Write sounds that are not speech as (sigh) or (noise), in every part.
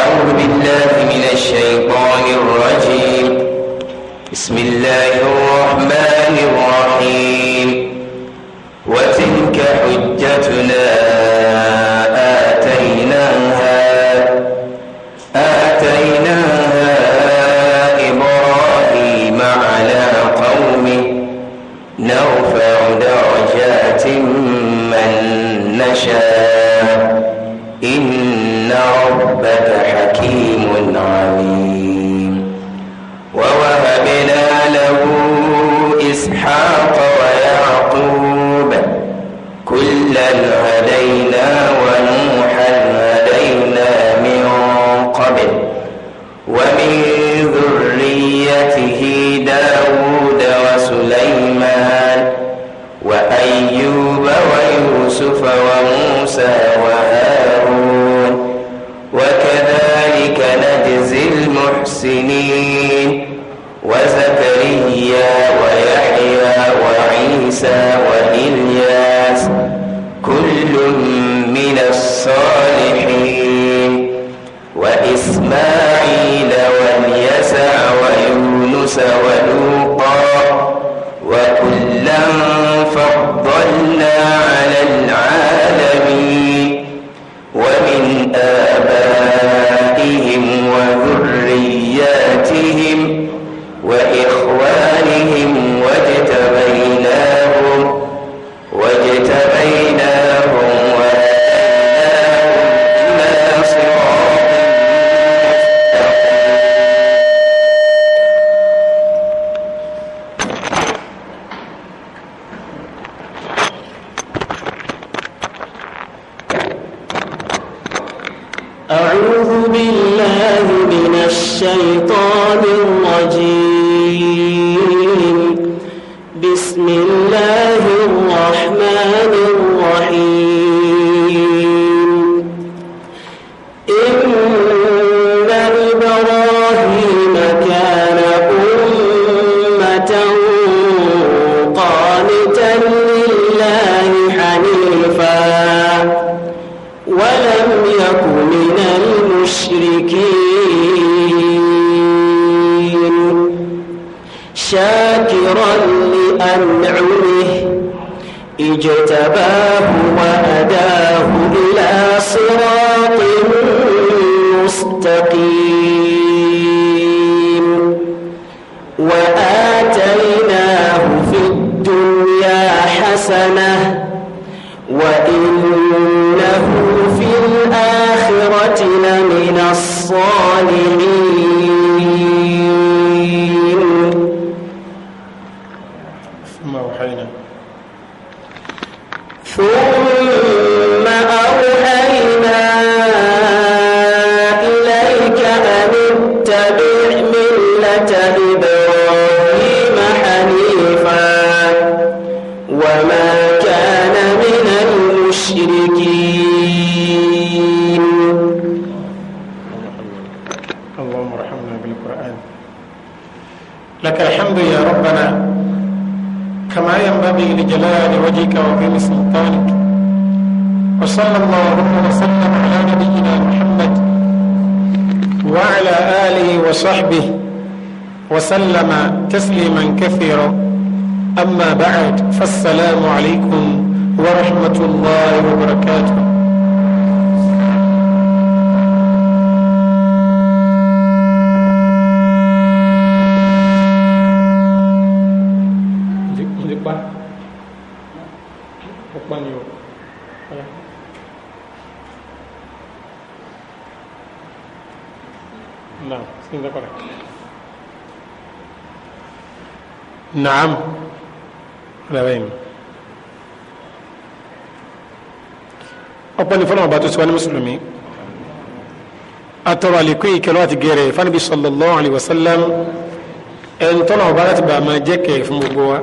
أعوذ بالله من الشيطان الرجيم بسم الله الرحمن الرحيم وتلك حجتنا تسليما كثيرا أما بعد فالسلام عليكم ورحمة الله وبركاته Gracias. نعم لبين ọpẹ́ ni fọlọmọ bàtú síwájú mùsùlùmí atọrọ àlékún ìkẹlẹ àti gẹrẹ fanibi sallallahu alayhi wa sallam ẹnitọ́nà ọba láti bàá máa jẹ́ kẹ̀ fún gbogbo wa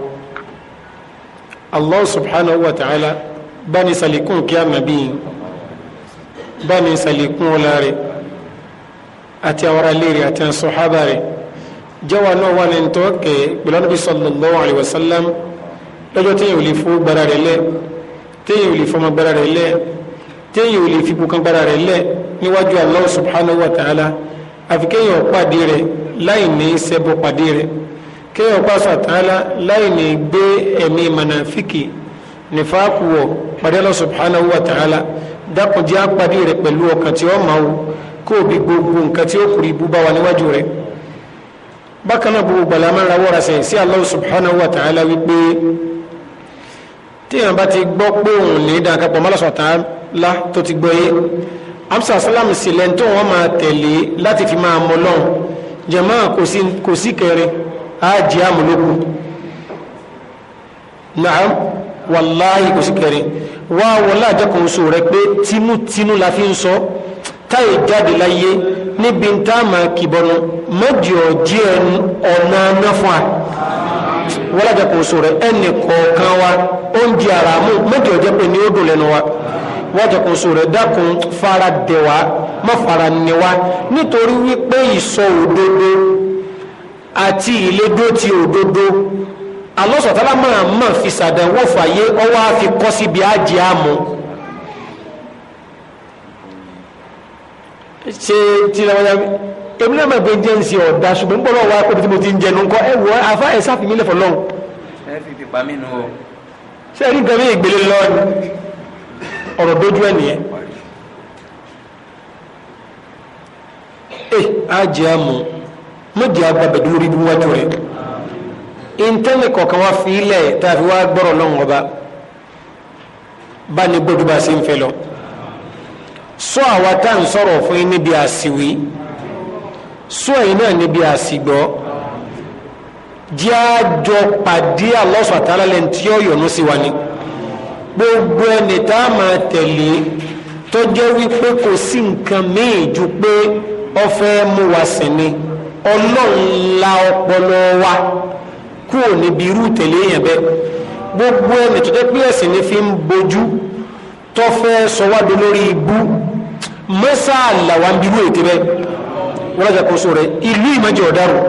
allah subhanahu wa ta'ala bani salikun kíá nàbí bani salikun ọlá rẹ̀ àti àwọn ará ilé àti àwọn sọ̀hábà rẹ̀ jẹ́wà náà wà ní tó kẹ́ pẹ̀lú Ànábì sallallahu alaihi wasallam lọ́jọ́ téèyàn ò lè fowó gbára rẹ̀ lẹ̀ téèyàn ò lè fọmọ gbára rẹ̀ lẹ̀ téèyàn ò lè fi bukan gbára rẹ̀ lẹ̀ níwájú Allah subhanahu wa ta'ala àfi kéèyàn pàdé rẹ̀ láì ní sẹ́bọ̀ pàdé rẹ̀ kéèyàn pàṣẹ àtàlá láì ní gbé ẹ̀mí mànàfíkì nífàákù pàdé Allah subhanahu wa ta'ala dákùnjẹ́ àpàdé rẹ̀ pẹ̀lú ọkàn tí ó máa wò kó o bí gbogbo nǹkan tí ó kùrì bú bá wa níwájú rẹ̀ bákan náà gbogbo gbala máa ń rawọ́ ra sẹ́yìn sí Allah subhanahu wa ta'ala wípé téèyàn bá ti gbọ́ pé òun ní dáńkà pọ̀ mọ́lá sọ̀tàlá tó ti gbọ́ yé amsa salam sílẹ̀ tó wọ́n máa tẹ̀lé láti fi máa mọ lọ́hùn jẹ̀mọ́ kò sí kẹrin á jẹ́ àmúlòkù naam wàláhì kò sí kẹrin wá wọlé àjẹkùn sọ rẹ pé tinútinú la fi ń sọ táì jáde láyé níbi tá a máa kìbọnu mọ́jì ọ̀jí ẹnu ọ̀nà anáfọ́à wọ́n kò sọ̀rọ̀ ẹnì kọ̀ọ̀kan wa oúnjẹ ara mú pé ní ó dùn lẹ́nu wa kò sọ̀rọ̀ ni wá nítorí wípé ìsọ òdodo àti ti òdodo alọ́sọ̀tàlámà máa fi fàyè ọwọ́ àfikọ́ síbi àjẹ́ ṣe tí lọ́wọ́dá èmi náà mẹ́gbẹ́ jẹ́ ń ṣe ọ̀dá ṣùgbọ́n ń bọ́lọ́ wa pé tí mo ti ń jẹnu nǹkan ẹ wọ afá ẹ sáfì mí lẹ́fọ̀ lọ́hùn. ẹ fi ti pa mí nù o. ṣé ẹ rí nǹkan bí ìgbélé lọ ọ̀rọ̀ dojú ẹ nìyẹn. Eh, ẹ á jẹ́ àmọ́ mo jẹ́ agbábẹ̀dú lórí ibi wájú rẹ̀. ìntẹ́nì kọ̀ọ̀kan wá fi ilẹ̀ tàbí wá gbọ́rọ̀ lọ́hùn ọba bá ní gbọ́dọ̀ bá ṣe ń fẹ́ lọ sọ àwa tá à ń sọ̀rọ̀ fún yín níbi àsìwí sọ ẹ̀yin náà níbi àsìgbọ́ jẹ́ àjọ pàdé àlọ́sọ̀ àtàlálẹ̀ tí ó yọ̀nú sí wa ni gbogbo ẹni tá a máa tẹ̀lé tó jẹ́ wípé kò sí nǹkan míì ju pé ó mú wa sìn ni ọlọ́run la ọpọlọ wa kúrò níbi irú tẹ̀lé yẹn bẹ́ẹ̀ gbogbo ẹni tó pé ẹ̀sìn ni fi ń bojú tó fẹ́ sọ ibú mọ́sàlá wa ń bí wúwo ètè bẹ́ẹ̀ wọ́n lọ́jà kó sóore ìlú ìmọ̀jẹ̀ ọ̀daràn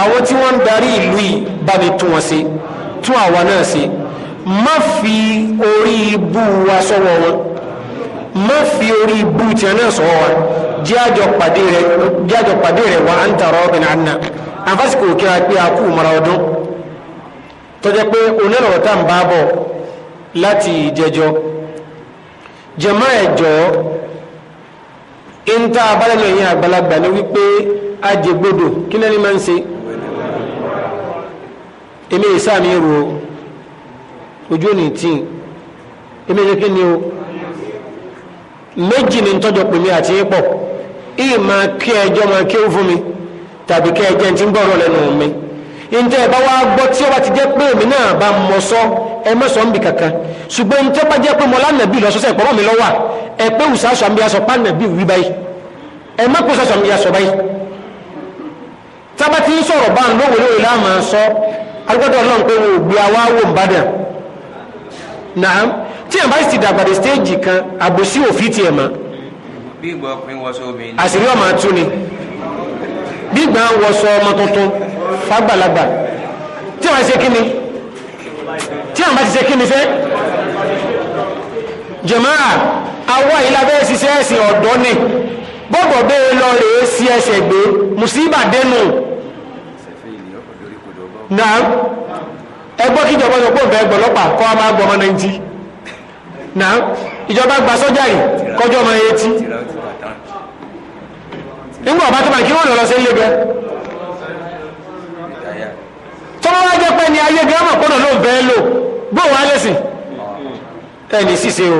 àwọn tí wọ́n ń darí ìlú yìí bá mi tún wọn ṣe tún àwa náà ṣe má fi orí ibú wa sọ́wọ́ wọn má fi orí ibú tiẹ̀ náà sọ́wọ́ wọn jẹ́ àjọ pàdé rẹ̀ wà á ń tàrọ́ ọ̀gbìn àná àfásìkò kí a pé a mara ọdún tọ́jọ́ pé onírọ̀rọ̀ tá ń bá bọ̀ láti ìjẹjọ́ jẹ̀má ẹ̀jọ́ nta abalị yìí àgbàlagbà ní wípé wikpe kí lẹ́ni máa ń ṣe èmi ìsá mi rò ó ojú òní tí èmi ìṣe kí ni o méjì ni tọ́jọ pè mí àti máa kí ẹjọ́ máa kí mi tàbí kí ẹjẹ́ ti ń gbọ́rọ̀ lẹ́nu mi nta ẹ̀ bá wá gbọ́ tí ó bá ti jẹ́ pé ẹ mọ́ sọ ń bì kankan ṣùgbọ́n tó bá jẹ́ pé mọ́lá nàbí lọ sọ́sẹ̀ ìpọ́nmọ́ mi lọ wà ẹ pé wùsà sọ àmì aṣọ pàǹdà bí wí báyìí ẹ má kó sọ̀sọ̀ àmì aṣọ báyìí tábà tí ń sọ̀rọ̀ bá ń lówó lórí láàmà sọ agbọ́dọ̀ ọlọ́run pé wò gbé awá wò ń bàdàn náà tí ẹ̀ bá sì dàgbàdì stéèjì kan àbòsí òfin tiẹ̀ mọ́ àṣírí ọmọ àtúni bí gbà ń wọṣọ ọmọ tuntun fàgbàlagbà tí wọ́n ṣe kí ni. tí àwọn bá ti ṣe kí ni fẹ́ jàmáà awọ́ ìlàbẹ́ ṣiṣẹ́ ẹ̀sìn ọ̀dọ́ ni bọ́bọ̀ bẹ́ẹ̀ lọ rèé sí ẹsẹ̀ gbé mùsíbà dẹnu na ẹgbọ́ kí ìjọba sọ pé òun kọ́ máa gbọ́ ọmọ ìjọba gba sọ́jà kọjọ́ tó bá jẹ́ pé ní ayé gírámà kọ́nà ló bẹ́ẹ̀ lò bó wà lẹ́sìn ẹni ṣíṣe o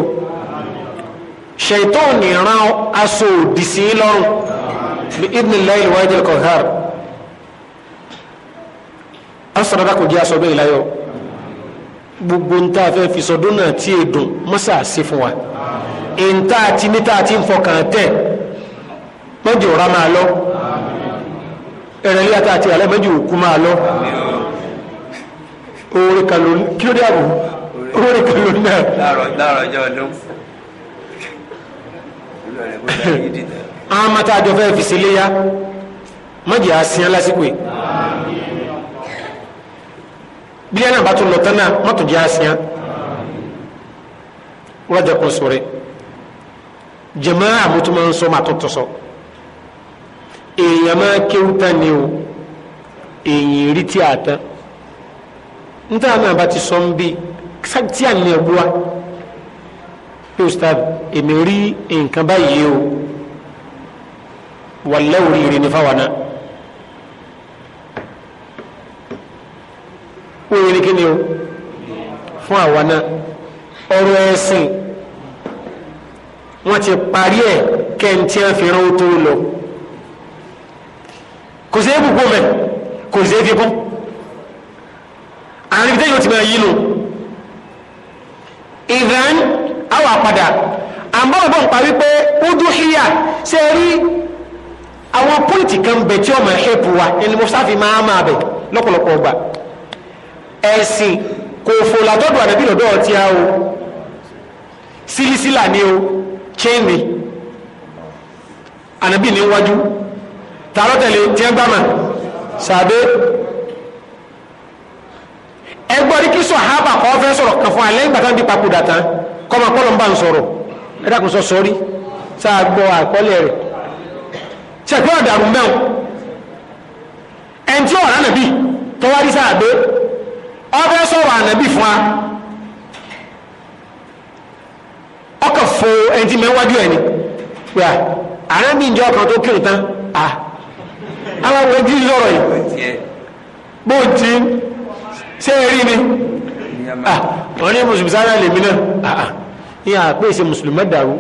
ṣètò nìran aṣọ òdì sí lọ́rùn bí ibnillahi al-wahid al-qahhar asọ̀rọ̀dá kò jẹ́ aṣọ bẹ́ẹ̀ láyọ̀ gbogbo nta fẹ́ fi sọdún náà tí èdùn mọ́sà sí fún wa ìntà àti níta àti nfọkàn tẹ̀ mọ́jọ́ ọ̀rá máa lọ ẹ̀rẹ̀lẹ́yàtà àti alẹ́ mọ́jọ́ òkú máa lọ oore kan ló kí ló dé àbò oore kan ló náà. láàárọ̀ ọjọ́ ọdún àwọn mata àjọ fẹ́ fi sílé ya mọ́jì á sin lásìkò yìí bílíọ̀nù náà bá tún lọ tán náà mọ́tò jẹ́ á sin wọ́n jẹ́ kó sọ̀rọ̀ jẹ̀mọ́ àmútúmọ̀ ń sọ máa tó tọ̀ èèyàn máa kéwú tán ni o èèyàn rí tí a tán nta àmì àbátí sọ ń bí tí à ń lè bua pé o sítá èmi rí nǹkan báyìí o wà rírì ní fáwọn náà ó yẹ ní kí ni o fún àwa náà ọ̀rọ̀ ẹ̀sìn wọ́n ti parí ẹ̀ kẹ́ntì àfihàn tó lọ kò sí ebùkún mẹ́ kò sí efikún àwọn ibi tẹ́yìn ó ti bẹ̀rẹ̀ yìí nù ìdán àwọn àpàdà àbọ̀bọ̀ ń pa wípé ó dún híyà ṣe rí àwọn pọ́ìntì kan bẹ̀ tí ọmọ ẹ̀pù wa ẹni mo sáfi máa máa bẹ̀ lọ́pọ̀lọpọ̀ ọgbà ẹ̀sìn kò fò látọ́dọ̀ àdàbí lọ́dọ̀ ọtí a o sílísílà ni o chéènì àdàbí ní tààrọ́tẹ̀lẹ̀ tí ẹ gbàmà sàbẹ́ ẹgbọ́n rí kí sọ̀hábà kọ́ fẹ́ sọ̀rọ̀ kan fún alẹ́ ìgbà tán bí papòdà tán kọ́mọ pọ́lọ́ ń bá ń sọ̀rọ̀ ẹ̀dàkùn sọ sọ́rí tá a gbọ́ àkọọ́lẹ̀ rẹ̀ ṣẹ̀pẹ́ ọ̀dàrún mẹ́wọ̀n ẹn tí ọ̀rọ̀ ànàbì tọ́wárí sáà gbé ọbẹ̀ sọ̀rọ̀ ànàbì fún wa ọkọ̀ fo ẹn tí mẹ́wájú ẹ̀ ni wíwá àrẹ́bí ìjọ ọkàn tó kiri tán à aláwọ̀ ojú yìí bó ti ṣé ẹ rí ni wọ́n ní mùsùlùmí sáré lèmi náà ìyá àpèsè mùsùlùmí dàrú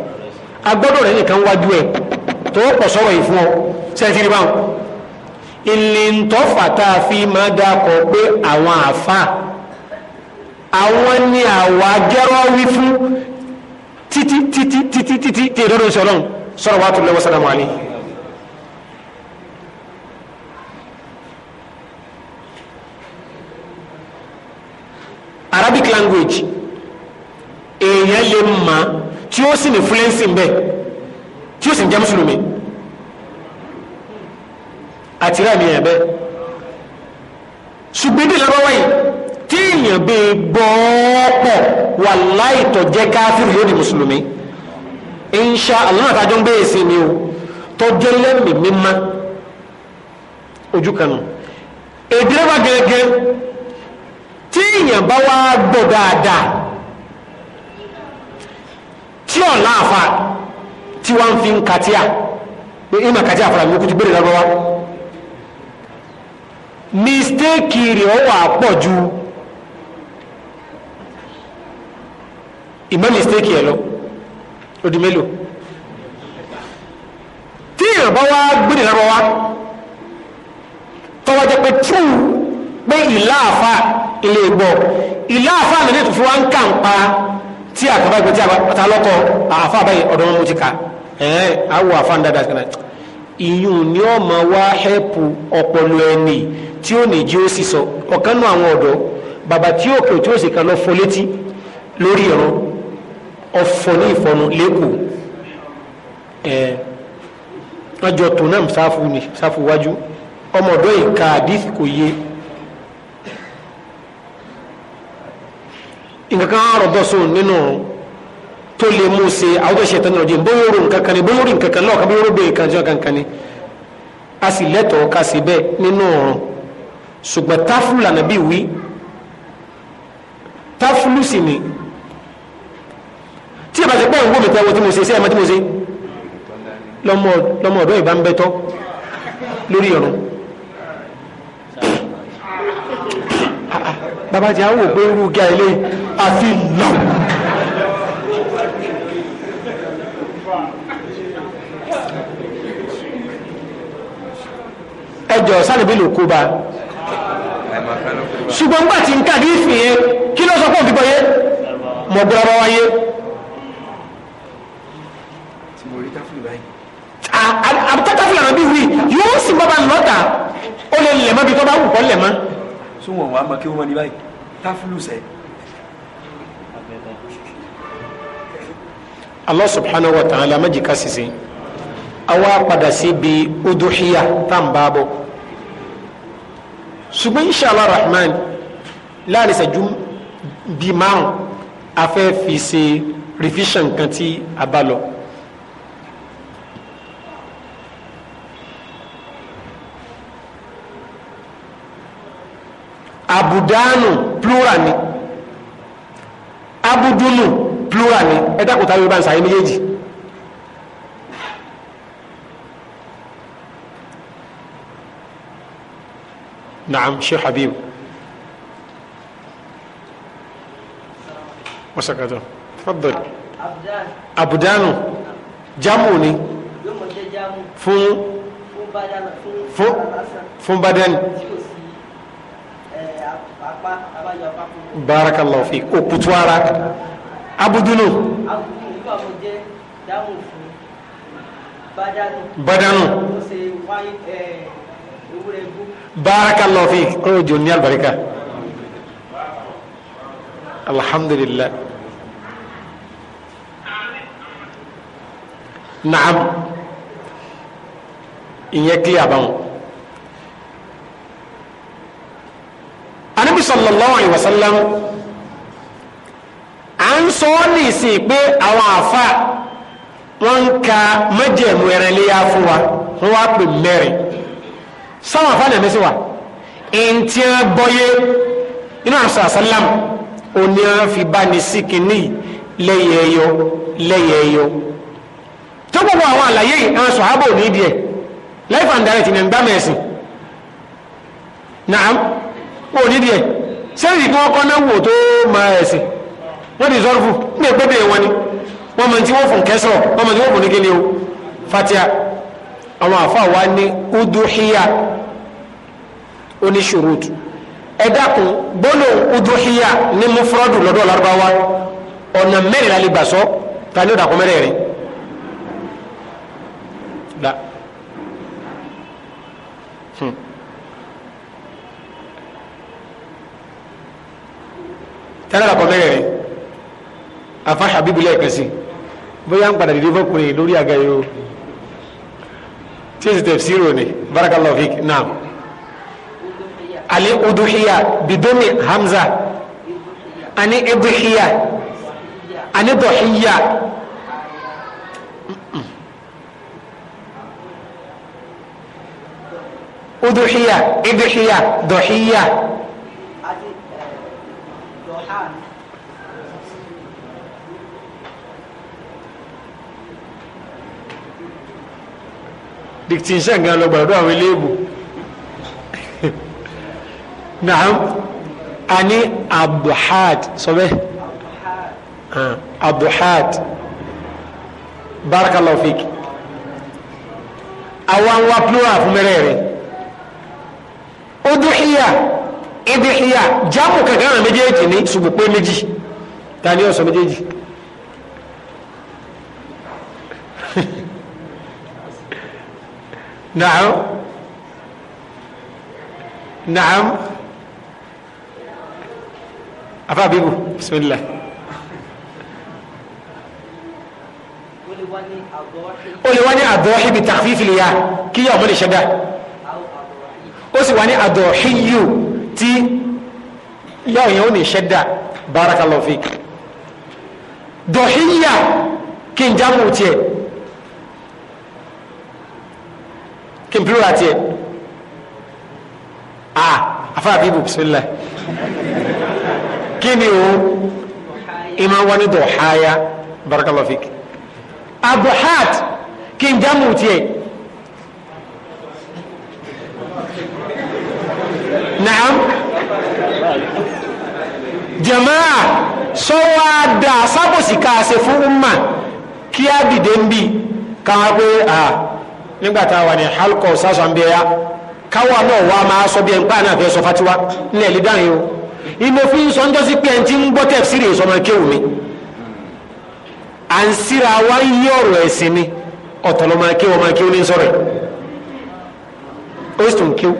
agbọ́dọ̀ rẹ̀ nìkan wájú ẹ̀ tó pọ̀ sọ́rọ̀ yìí fún ọ sẹ́ńtìrì báwọn ìlìntọ́fà tá a fi máa dákọ̀ pé àwọn àfa àwọn ni àwa jẹ́rọ wí fún títí títí títí títí tí ìdọ́dọ̀ sọ̀rọ̀ sọ̀rọ̀ wàá tó lẹ́wọ́ sàdámù àlẹ́. arabic language èèyàn lè mọ̀ tí ó sì ní fluency ń bẹ tí ó sì ń jẹ́ mùsùlùmí àti rẹ̀ mi ẹ̀bẹ́ ṣùgbọ́n ìdílé lọ́wọ́ yìí tí èèyàn bẹ gbọ́ọ̀pọ̀ wà láìtọ̀ jẹ́ káfíìrì yóò di mùsùlùmí insha allah àtàjọ ń bẹ́ẹ̀ sí ni o tọ́jọ́ lẹ́mìí mímá ojú kanu èdè rẹ̀ gẹ́gẹ́ tí èèyàn bá wá gbọ́ dáadáa tí ọ̀ láàfa tí wọ́n fi ń katia ìmọ̀ katia fara mi kú ti gbére lọ́wọ́ wa mistake rẹ̀ ọ wà pọ̀ ju ìmọ̀ mistake yẹn lọ odi mélòó tí èèyàn bá wá gbére lọ́wọ́ tọ́wọ́ jẹ́ pé true pé ìlà àfa ilé ìgbọ́ ìlà àfa lè tó fi wá ń kà ń pa tí àkàbà ìgbẹ́ tí àbáta lọ́kọ̀ àfa báyìí ọ̀dọ́ wọn mo ti kà ẹ̀ẹ́n àwọ̀ àfa ń dáadáa kan ìyún ni ó máa wá hẹ́pù ọpọlọ ẹni tí ó ní jí ó sì sọ ọ̀kan nú àwọn ọ̀dọ́ bàbá tí òkè tí ó sì kan lọ fọ létí lórí ẹ̀rọ ọ̀fọ̀ ní ìfọ̀nù lẹ́kọ̀ọ́ ẹ̀ẹ́ ọjọ́ tó náà sáfù wájú ọmọ ọ̀dọ́ yìí ka àdìsí kò yé nǹkan kan rọ̀ dọ́sùn nínú ọ̀run tó lè mú ṣe àwọn ìṣẹ̀ tán lọ́jọ́ bó yóò rò nǹkan kan ni bó yóò rò nǹkan kan lọ́ọ̀ká bó yóò rò bẹ́ẹ̀ kan ni a sì lẹ́tọ̀ọ́ ká sí bẹ́ẹ̀ nínú ọ̀run ṣùgbọ́n táfùlù lànà ni tí a bá ti pọ̀ ń gómìtà wo tí mo ṣe sí ẹ̀ma tí mo ṣe lọ́mọ ọ̀dọ́ ìbá ń bẹ́tọ́ lórí bàbá tí a ń wò pé irú gíga ilé àfi lọ. ẹjọ sálẹbí ló kó bá ṣùgbọ́n nígbà tí n kàdí ìfìyẹ kí ló sọ pé òfin bọyé mọ̀ gbọ́dọ̀ bá wáyé. àbúkátà fúlànà bí wí yóò sì bọ́ bá lọ́tà ó lè lẹ̀ mọ́ bí tó bá wù kọ́ lẹ̀ mọ́ tí wọn wà á mọ kí wọn ní báyìí táfúlù sẹ. Allah subhanahu wa ta'ala má jìka sise awa padà sí bi uduhiya tá n bá bọ inshallah rahman láàrin ìṣẹ́jú bíi márùn-ún afẹ́ fi ṣe revision kan tí a bá lọ. àbùdánù plural ni abudunu plural ni ẹ dákòtà yorùbá ń sàyẹ méjèèjì naam sheikh habib wasakata fadl abudanu jamu ni fún fún badani barakallahu fi kò kutu ara abudulu badanu Allah fi kò jonni albarika alhamdulillah naam ìyẹn kílíà báwọn. anabi sallallahu alayhi wa sallam à ń sọ ọ́ ní ìsìn pé àwọn àfa wọn ń ka májẹ̀mú ẹran léyà fún wa wọn wá pè mẹ́rin sáwọn àfa lè mẹ́sì wa ẹ̀ǹtí ẹ gbọ́yé inú àrùn sàlám òní ẹ fi bá ní sí kínní lẹ́yẹ̀ ẹ̀yọ lẹ́yẹ̀ tó gbogbo àwọn àlàyé yìí àwọn sọ̀hábò nídìí ẹ̀ life and direct ní ẹ̀ gbá mẹ́sìn naam. kò nídìí ẹ̀ sẹ́yìn kí wọ́n kọ́ náà wò tó máa ẹ̀sìn wọ́n ti sọ́rọ̀ ní wọn ni wọ́n mọ̀ tí wọ́n fún kẹsọ̀rọ̀ wọ́n mọ̀ tí wọ́n fún ní kíni o fatia àwọn àfa wa n'i udohiya oníṣurut ẹ dákun gbọ́dọ̀ uduhiya ní mufrọ́dù lọ́dọ̀ lárúbáwá ọ̀nà mẹ́rin lálẹ́ gbàsọ́ n'i ó tẹ́lẹ̀ àkọ́ mẹ́rẹ̀ rẹ̀ afa habibu lẹ́ẹ̀kan sí bóyá ń padà dìde fọkùnrin lórí àga yìí o tí èsì tafsiru ni barakallahu fik naam ali uduhiya bidomi hamza ani iduhiya ani duhiya uduhiya iduhiya duhiya. الحال dictation gan lọ gbàdúrà àwọn eléèbù (laughs) naam a ní abduhad sọbẹ abduhad barakallahu fik àwọn wa plural fún mẹrẹ rẹ dúkìá ìdíhìyà jámù kankan rẹ̀ méjèèjì ní ṣùgbọ́n pé méjì ta ni ọ̀sán méjèèjì (laughs) naam naam afa abibu bisimilah. ó lè wá ní àdọ́hí bí tàfífìlì yá kíyà ọmọ lè ṣẹ́dá ó sì wá ní àdọ́hí yóò tí yáà yẹn ó ní ṣẹ́dá barakallahu fik dọ̀híyà kí n jámù tiẹ̀ kí n pírọ̀rà tiẹ̀ ah afárá bíbù bisimilá kí ni o ìmọ̀ wọn ní dọ̀háyà barakallahu fik abuhat kí n jámù tiẹ̀ naam jamaa sọ́wọ́ àdá sábòsì káàṣe fún umma kí á dìde ń bí káwá pé à nígbàtà wà ní halkọ sásàmbẹ́yà káwà náà wà máa sọ bí ẹnpá náà fẹ́ sọ fatiwa nílẹ̀ lè dáhìn o inú fi ń sọ ń jọ́sí pé ẹn tí ń gbọ́ tẹ̀síìrì ìsọmọ kéwù mi à ń síra wá ń yí ọ̀rọ̀ ẹ̀sìn ni ọ̀tọ̀lọ́mọ kéwù ọmọ kéwù ní sọ̀rọ̀ ẹ̀ ó sì tún kéwù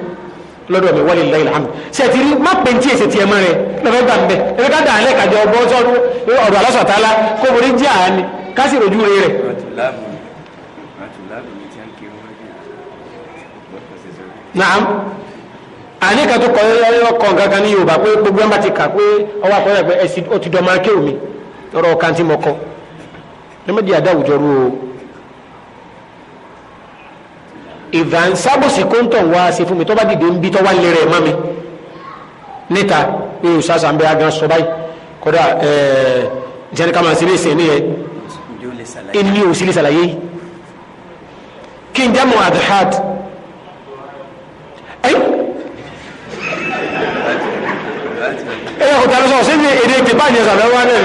lọ́dọ̀ mi wọ́lé lẹ́yìn àmì ṣètìrí má pè ní èsì tiẹ̀ mọ́ rẹ lọ́fẹ́ gbà mbẹ́ ẹ̀fẹ́ ká dàn án lẹ́ẹ̀kájọ ọgbọ́n sọ́dún ọ̀rọ̀ alásọ̀tálá kó borí jẹ́ àání ká sì rojú rẹ rẹ. naam àní kan tó kọ yọ kọ gangan ní yorùbá pé gbogbo ẹ̀ bá ti kà pé ọwọ́ àkọọ́lẹ̀ pé ẹ̀sìn ó ti dọ̀ máa kéwòmí ọ̀rọ̀ kan tí mo kọ lọ́mọdé àdáwùjọ rú o ìvànsábòsì kóńtọ̀ wá sí fún mi tó bá dìde ń bí tó wá lè rẹ̀ mọ́ mi níta ní òṣàṣà ń bẹ agan sọ báyìí kódà jẹ́ni ká máa ṣe léṣe ní yẹn ìní òsì lè ṣàlàyé kí n jẹ́mu adhad ẹ̀yẹ́ kò tẹ̀lé sọ sí ní èdè ìpínlẹ̀ ìjẹsà lọ́wọ́ náà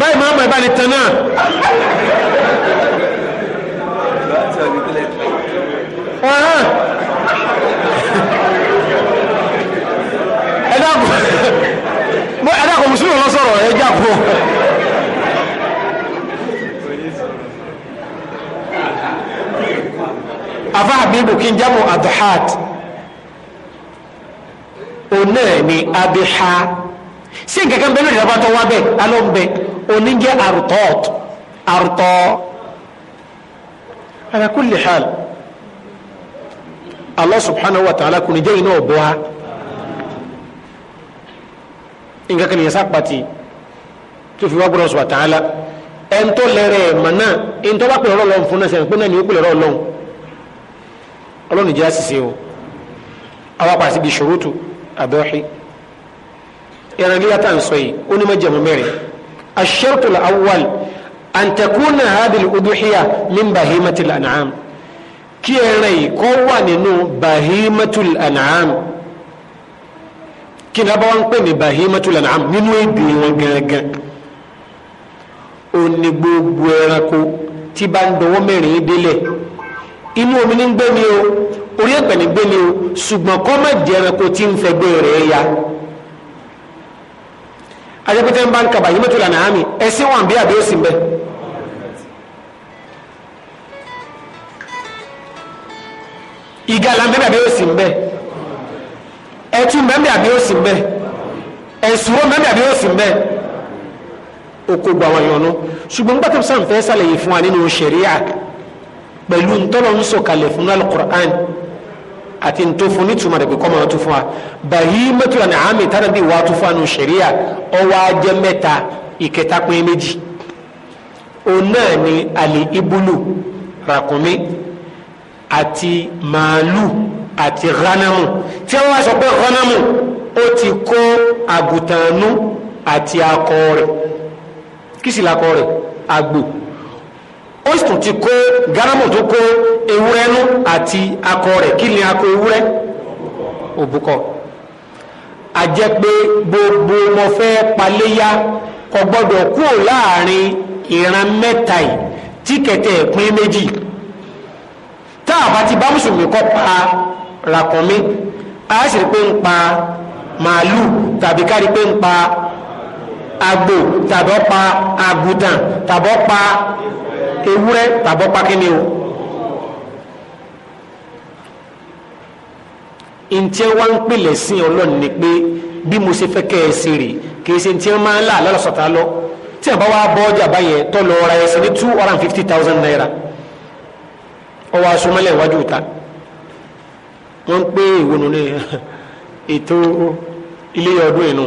báyìí máa mọ̀ ìbáni tán náà. sọ̀rọ̀ rẹ jà fún ọ. afa habibu kí n jámu aduhat ona ni abiha sí nǹkan kan bẹ́ẹ̀ lórí ìjọba tó wá bẹ́ẹ̀ alọ́ ń bẹ oníjẹ́ arutọ́t arutọ́ ala kulli hal allah subhanahu wa ta'ala kunijẹ́ iná ọ̀bọ̀ ha nǹkan kan yẹn sápàtì tó fi wá gbọ́dọ̀ sọ àtàlà ẹ̀ńtọ́ lẹ́rẹ̀ ẹ̀mọ̀ náà ẹ̀ńtọ́ bá pèlè ọlọ́run fún náà sẹ́yìn pé náà ni ó pèlè ọlọ́run ọlọ́run ìjẹ́ àṣìṣe o àwọn apàṣẹ bíi ṣòrótù àdọ́hí ẹran ilé yàtà ń sọ yìí ó ní mẹ́jẹ̀mú mẹ́rin aṣẹ́rùtùlà awwal àǹtẹ̀kùnà hábìlì udúhíyà min bahimatil an'am kí ẹran yìí kọ́ wà nínú bahimatul an'am kí ni abáwọn ń pè ní bahimatul an'am nínú èdè wọn gẹ́gẹ́ ó ní gbogbo ẹranko tí bá ń dọwọ́ mẹ́rin délẹ̀ inú omi ní gbé ni o orí ẹ̀pẹ̀ ní gbé ni o ṣùgbọ́n kọ́ má jẹ́ ẹranko tí ń fẹ́ ya adépẹ́tẹ́ ń bá ń kaba yìí ami, lànà àmì ẹ̀sìn wà bí àbí ó sì ń bẹ́ẹ̀. ń bẹ mbe. òsì ń ẹtù ń àbí oko gba wọn yọnu ṣùgbọ́n nígbà tó ń sàn fẹ́ sàlàyé fún wa nínú ṣẹ̀ríà pẹ̀lú ntọ́lọ́ ń sọ̀kalẹ̀ fún alukur'an àti ntòfun nítumọ̀ rẹ̀ kọ́ máa tó fún wa bahimatu an'ami tánàbí wàá tó fún wa nù ṣẹ̀ríà ọwọ́ ajẹ́ mẹ́ta ìkẹta pín méjì òun náà ni àlè ibulu ràkúnmí àti màálù àti ghanamu tí wọ́n wá sọ pé ghanamu ó ti kó àgùtànú àti akọ rẹ̀ kí sì lakọ rẹ̀ àgbò ti kó garamu tó kó ewúrẹ́ nú àti akọ rẹ̀ kí ni akọ ewúrẹ́ òbúkọ a jẹ́ pé gbogbo mo fẹ́ paléyà kò gbọ́dọ̀ kúrò láàrin ìran mẹ́ta yìí tí kẹtẹ pín méjì tá a bá ti bá mùsùlùmí kọ́ pa ràkúnmí a sì rí pé ń pa màálù tàbí ká rí pé ń pa àgbò tàbọ́ pa àgùdàn tàbọ́ pa ewúrẹ́ tàbọ́ pa kíni o. ntẹ́ wá ń pèlẹ̀ sí ọlọ́run ni pé bí mo ṣe fẹ́ kẹ́ ẹ ṣe rè kì í ṣe ntẹ́ máa ń là lọ́lọ́sọ̀tà lọ tí a bá wá bọ́ ọjà báyẹn tó lọ ra ẹsẹ̀ ní two hundred and fifty thousand naira ọwọ́ asomọ́lẹ̀ iwájú ta wọ́n ń pè é ìwònú ní ètò ilé ọdún yìí nù.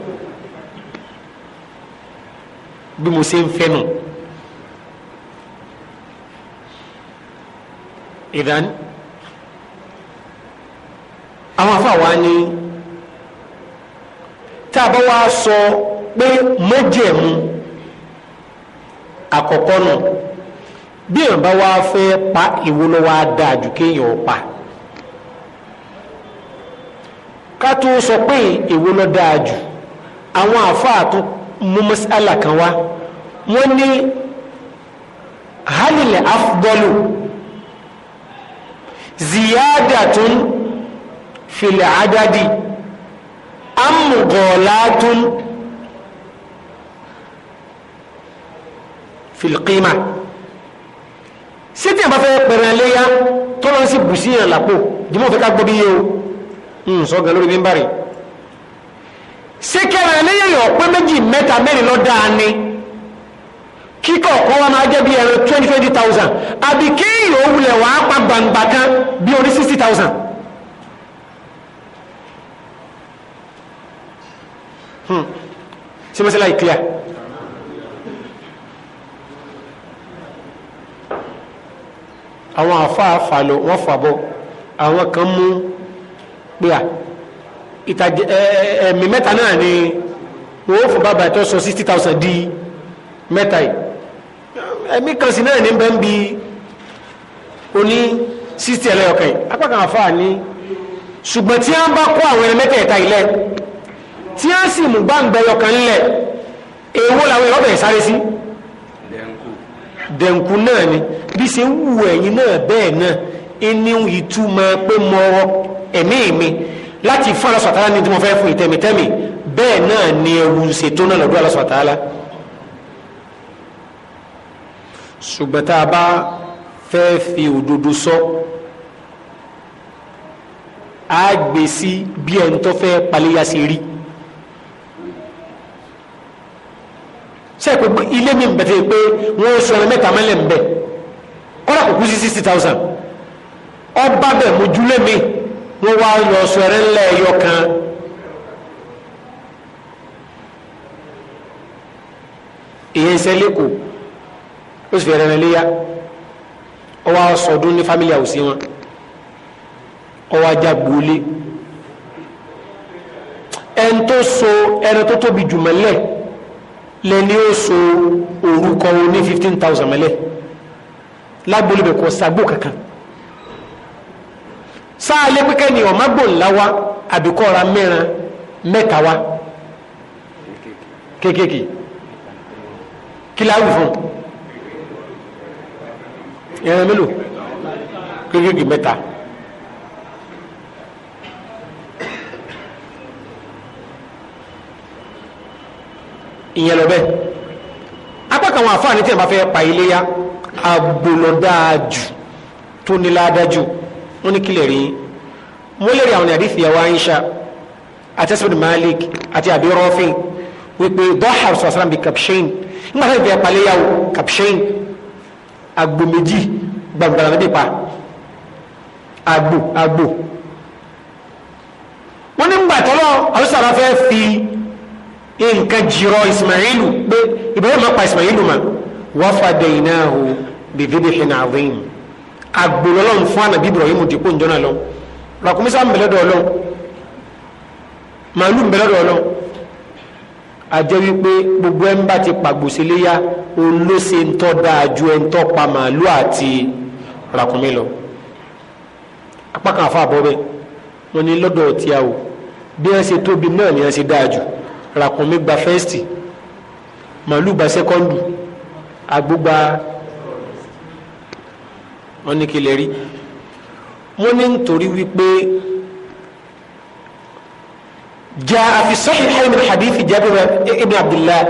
bí mo ṣe ń fẹ́ nù. ìdán àwọn afáwa ni tá a bá wá sọ pé mọ́jẹ̀mú àkọ́kọ́ nù bí èèyàn bá wá fẹ́ pa ìwo ló wá dáa ju kéèyàn pa ká tó sọ pé ìwo dáa jù àwọn àfáà tó mú masala kan wá wọ́n ní halilẹ̀ afdọ́lù ziyadatun fil adadi amgọ́látun fil qima sítẹ̀ bá fẹ́ pẹ̀rẹ̀ léyá tọ́lọ́sí bùsí ìrìnlàpò jùmọ́ fẹ́ ká gbọ́ bí yóò ń sọ́gà lórí mímbàrí síkẹ́ra eléyìí ọ̀pẹ́ méjì mẹ́ta mẹ́rin lọ dáa ni kíkọ̀ kan wa máa jẹ́ bí ẹ̀rọ twenty twenty thousand àbí kéèyàn ó wulẹ̀ wàá pa gbangba kan bí orí sixty thousand. Hmm. ṣé mọ́sálà yìí clear. àwọn àfa àfàlò wọ́n fà bọ́ àwọn kan mú pé à ìtàjẹ mi mẹ́ta náà ni wọ́n fún bàbá ìtọ́ sọ sixty thousand di mẹ́ta yìí ẹ̀mí kan sí náà ní bẹ́ẹ̀ ń bi oní sixty ẹlẹ́yọkẹ́ yìí apá kan àfa ni ṣùgbọ́n tí wọ́n bá kó àwọn ẹlẹ́mẹ́tẹ̀ẹ̀ta yìí lẹ̀ tí wọ́n sì mú gbàǹgbẹ̀yọkàn lẹ̀ èwo làwọn ẹ̀rọ bẹ̀rẹ̀ sáré sí dẹ̀nkù náà ni bí ṣe wù ẹ̀yìn náà bẹ́ẹ̀ náà ẹni ìtumọ̀ pé mọ́ ẹ̀mí mi láti fún Allah Subhanahu ní tí mo fẹ́ fún ìtẹ̀mítẹ́mì bẹ́ẹ̀ náà ni ẹrù ṣètò náà lọ́dọ̀ Allah Subhanahu ṣùgbọ́n tá a bá fẹ́ fi òdodo sọ á gbé sí bí ẹni tó fẹ́ paléyà sí rí ṣe pé ilé mi bẹ̀tẹ̀ pé wọ́n sọ ẹni mẹ́ta mẹ́lẹ̀ ń bẹ̀ kọ́lá kò kú sí sixty thousand ọba bẹ̀ mojúlé mi wọ́n wá lọ sọ̀rẹ́ ńlẹ̀ ẹ̀yọ kan ìyẹn iṣẹ́ lẹ́kọ̀ọ́ ó sì fẹ́rẹ̀ léyà ó wá sọdún ní fámílì àwòsí wọn ó wá já ẹni tó so ẹni tó tóbi jù lẹ́ni ó so orúkọ ní fifteen thousand mọ́lẹ̀ lágbólébẹ̀ kọ́ sagbó kankan sáálé pé kẹ́ni ọ̀ma gbòǹlá wa àbíkọ́ra mẹ́ran mẹ́ta wa kéékèèké kí láwù fún ẹran mélòó kéékèèké mẹ́ta. ìyẹn lọ bẹ́ẹ̀ apá kan àwọn àfáàní tí a bá fẹ́ pa iléyà agbóná dáa jù tó ní ládàá jù wọ́n ní kílẹ̀ rí mo lè rí àwọn àdìsí ìyàwó Aisha àti asibidi Malik àti àbí rọ́fìn wípé dọ́hàr sọ̀sán bíi kapshain nígbà tó ń bẹ̀rẹ̀ paléyàwó kapshain agbo méjì gbàgbàrà níbi pa agbo agbo wọ́n ní gbà tọ́lọ́ àwùsàrà fẹ́ fi nǹkan jìrọ Ismailu pé ìbẹ̀rẹ̀ máa pa Ismailu mà wọ́n fa dẹ̀yìn náà o bìbí bìbí hin agbolọlọ́n fún ànàbí ibrahim dípò njọ́nà lọ rakumisa mbẹ̀lẹ́dọ̀ ọlọ́n màálù mbẹ̀lẹ́dọ̀ ọlọ́n àjẹ́ wípé gbogbo ẹ̀ ń bá ti pàgbòsí léyà olóṣè ń dáa ju ẹ̀ ń pa màálù àti rakumi lọ apá kan àfa àbọ̀ bẹ́ẹ̀ wọ́n lọ́dọ̀ ọ̀tí a o bí wọ́n ṣe tóbi náà ni wọ́n ṣe dáa jù rakumi gba fẹ́ẹ̀sì màálù gba sẹ́kọ́ndù àgbó gba wọ́n ní kí lè rí mo ní nítorí wípé jaa fi sahihayn min hadithi jabir ibn abdullah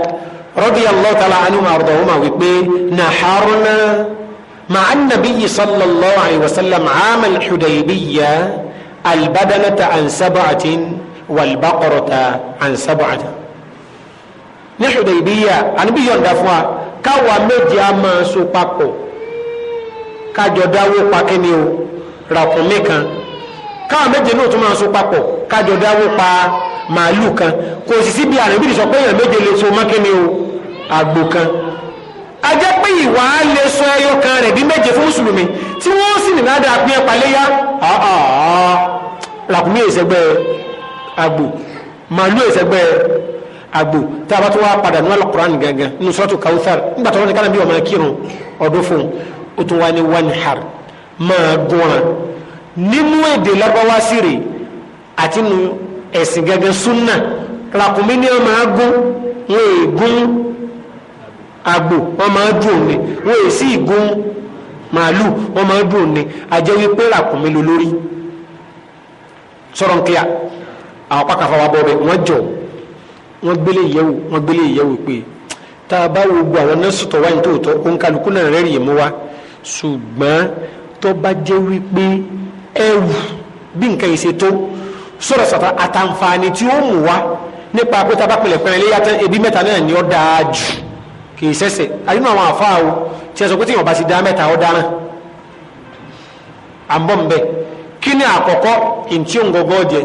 radiyallahu ta'ala anhuma ardahuma wípé naharna ma'a nabiyyi sallallahu alayhi wa sallam aama al-hudaybiya albadanata an sab'atin walbaqarata an sab'atin ní hudaybiya àníbíyọ̀ ń káwa méje a máa so papọ̀ kájọ dáwó pa kíni o ràkúnmí kan káwọn méje náà tún máa so papọ̀ kájọ dáwó pa màálù kan kò sì síbi àrẹ̀bìrì sọ pé èèyàn méje lè so mọ́ kíni o àgbò kan a jẹ́ pé ìwà lè sọ ẹyọ kan rẹ̀ bí méje fún mùsùlùmí tí wọ́n sì nìlá dáa pín ẹpa léyà ràkúnmí èsẹ̀gbẹ́ àgbò màálù èsẹ̀gbẹ́ àgbò tá a bá tó wá padà nínú Al-Qur'an gangan nínú Suratul Kawthar nígbà tó wọ́n ní kánàbí ọmọ kírun ọdún fún un ó tún wá ní wanhar máa gúnran nínú èdè lágbáwá sí àti nu ẹ̀sìn gẹ́gẹ́ súnà ràkúnmí ni wọ́n máa gún wọ́n è gún àgbò wọ́n máa dùn òní wọ́n è sí ìgún màálù wọ́n máa dùn òní àjẹ́ wípé ràkúnmí ló lórí sọ̀rọ̀ nkíyà àwọn pàkàfà wa bọ̀ bẹ́ẹ̀ wọ́n jọ wọ́n gbélé ìyẹ̀wò wọ́n gbélé ìyẹ̀wò pé tá a bá wo gbogbo àwọn nọ́ọ̀sì tó wáyé tóòtọ́ òǹkàlùkù náà rẹ́rìn-ín ṣùgbọ́n tó bá jẹ́ wípé ẹrù bí nǹkan yìí ṣe tó sọ̀rọ̀ sọ̀tà àtàǹfààní tí ó mú wa nípa pé tá a bá pilẹ̀ pẹ̀lẹ́ léyà tán ebi mẹ́ta náà ni ó dáa jù kì í ṣẹ̀ṣẹ̀ àyínú àwọn àfáà o tí a sọ pé tí ìwọ̀n bá ti dá mẹ́ta ó dáná à ń bọ̀ nbẹ kí ni àkọ́kọ́ ntí ò ń gọgọ́ jẹ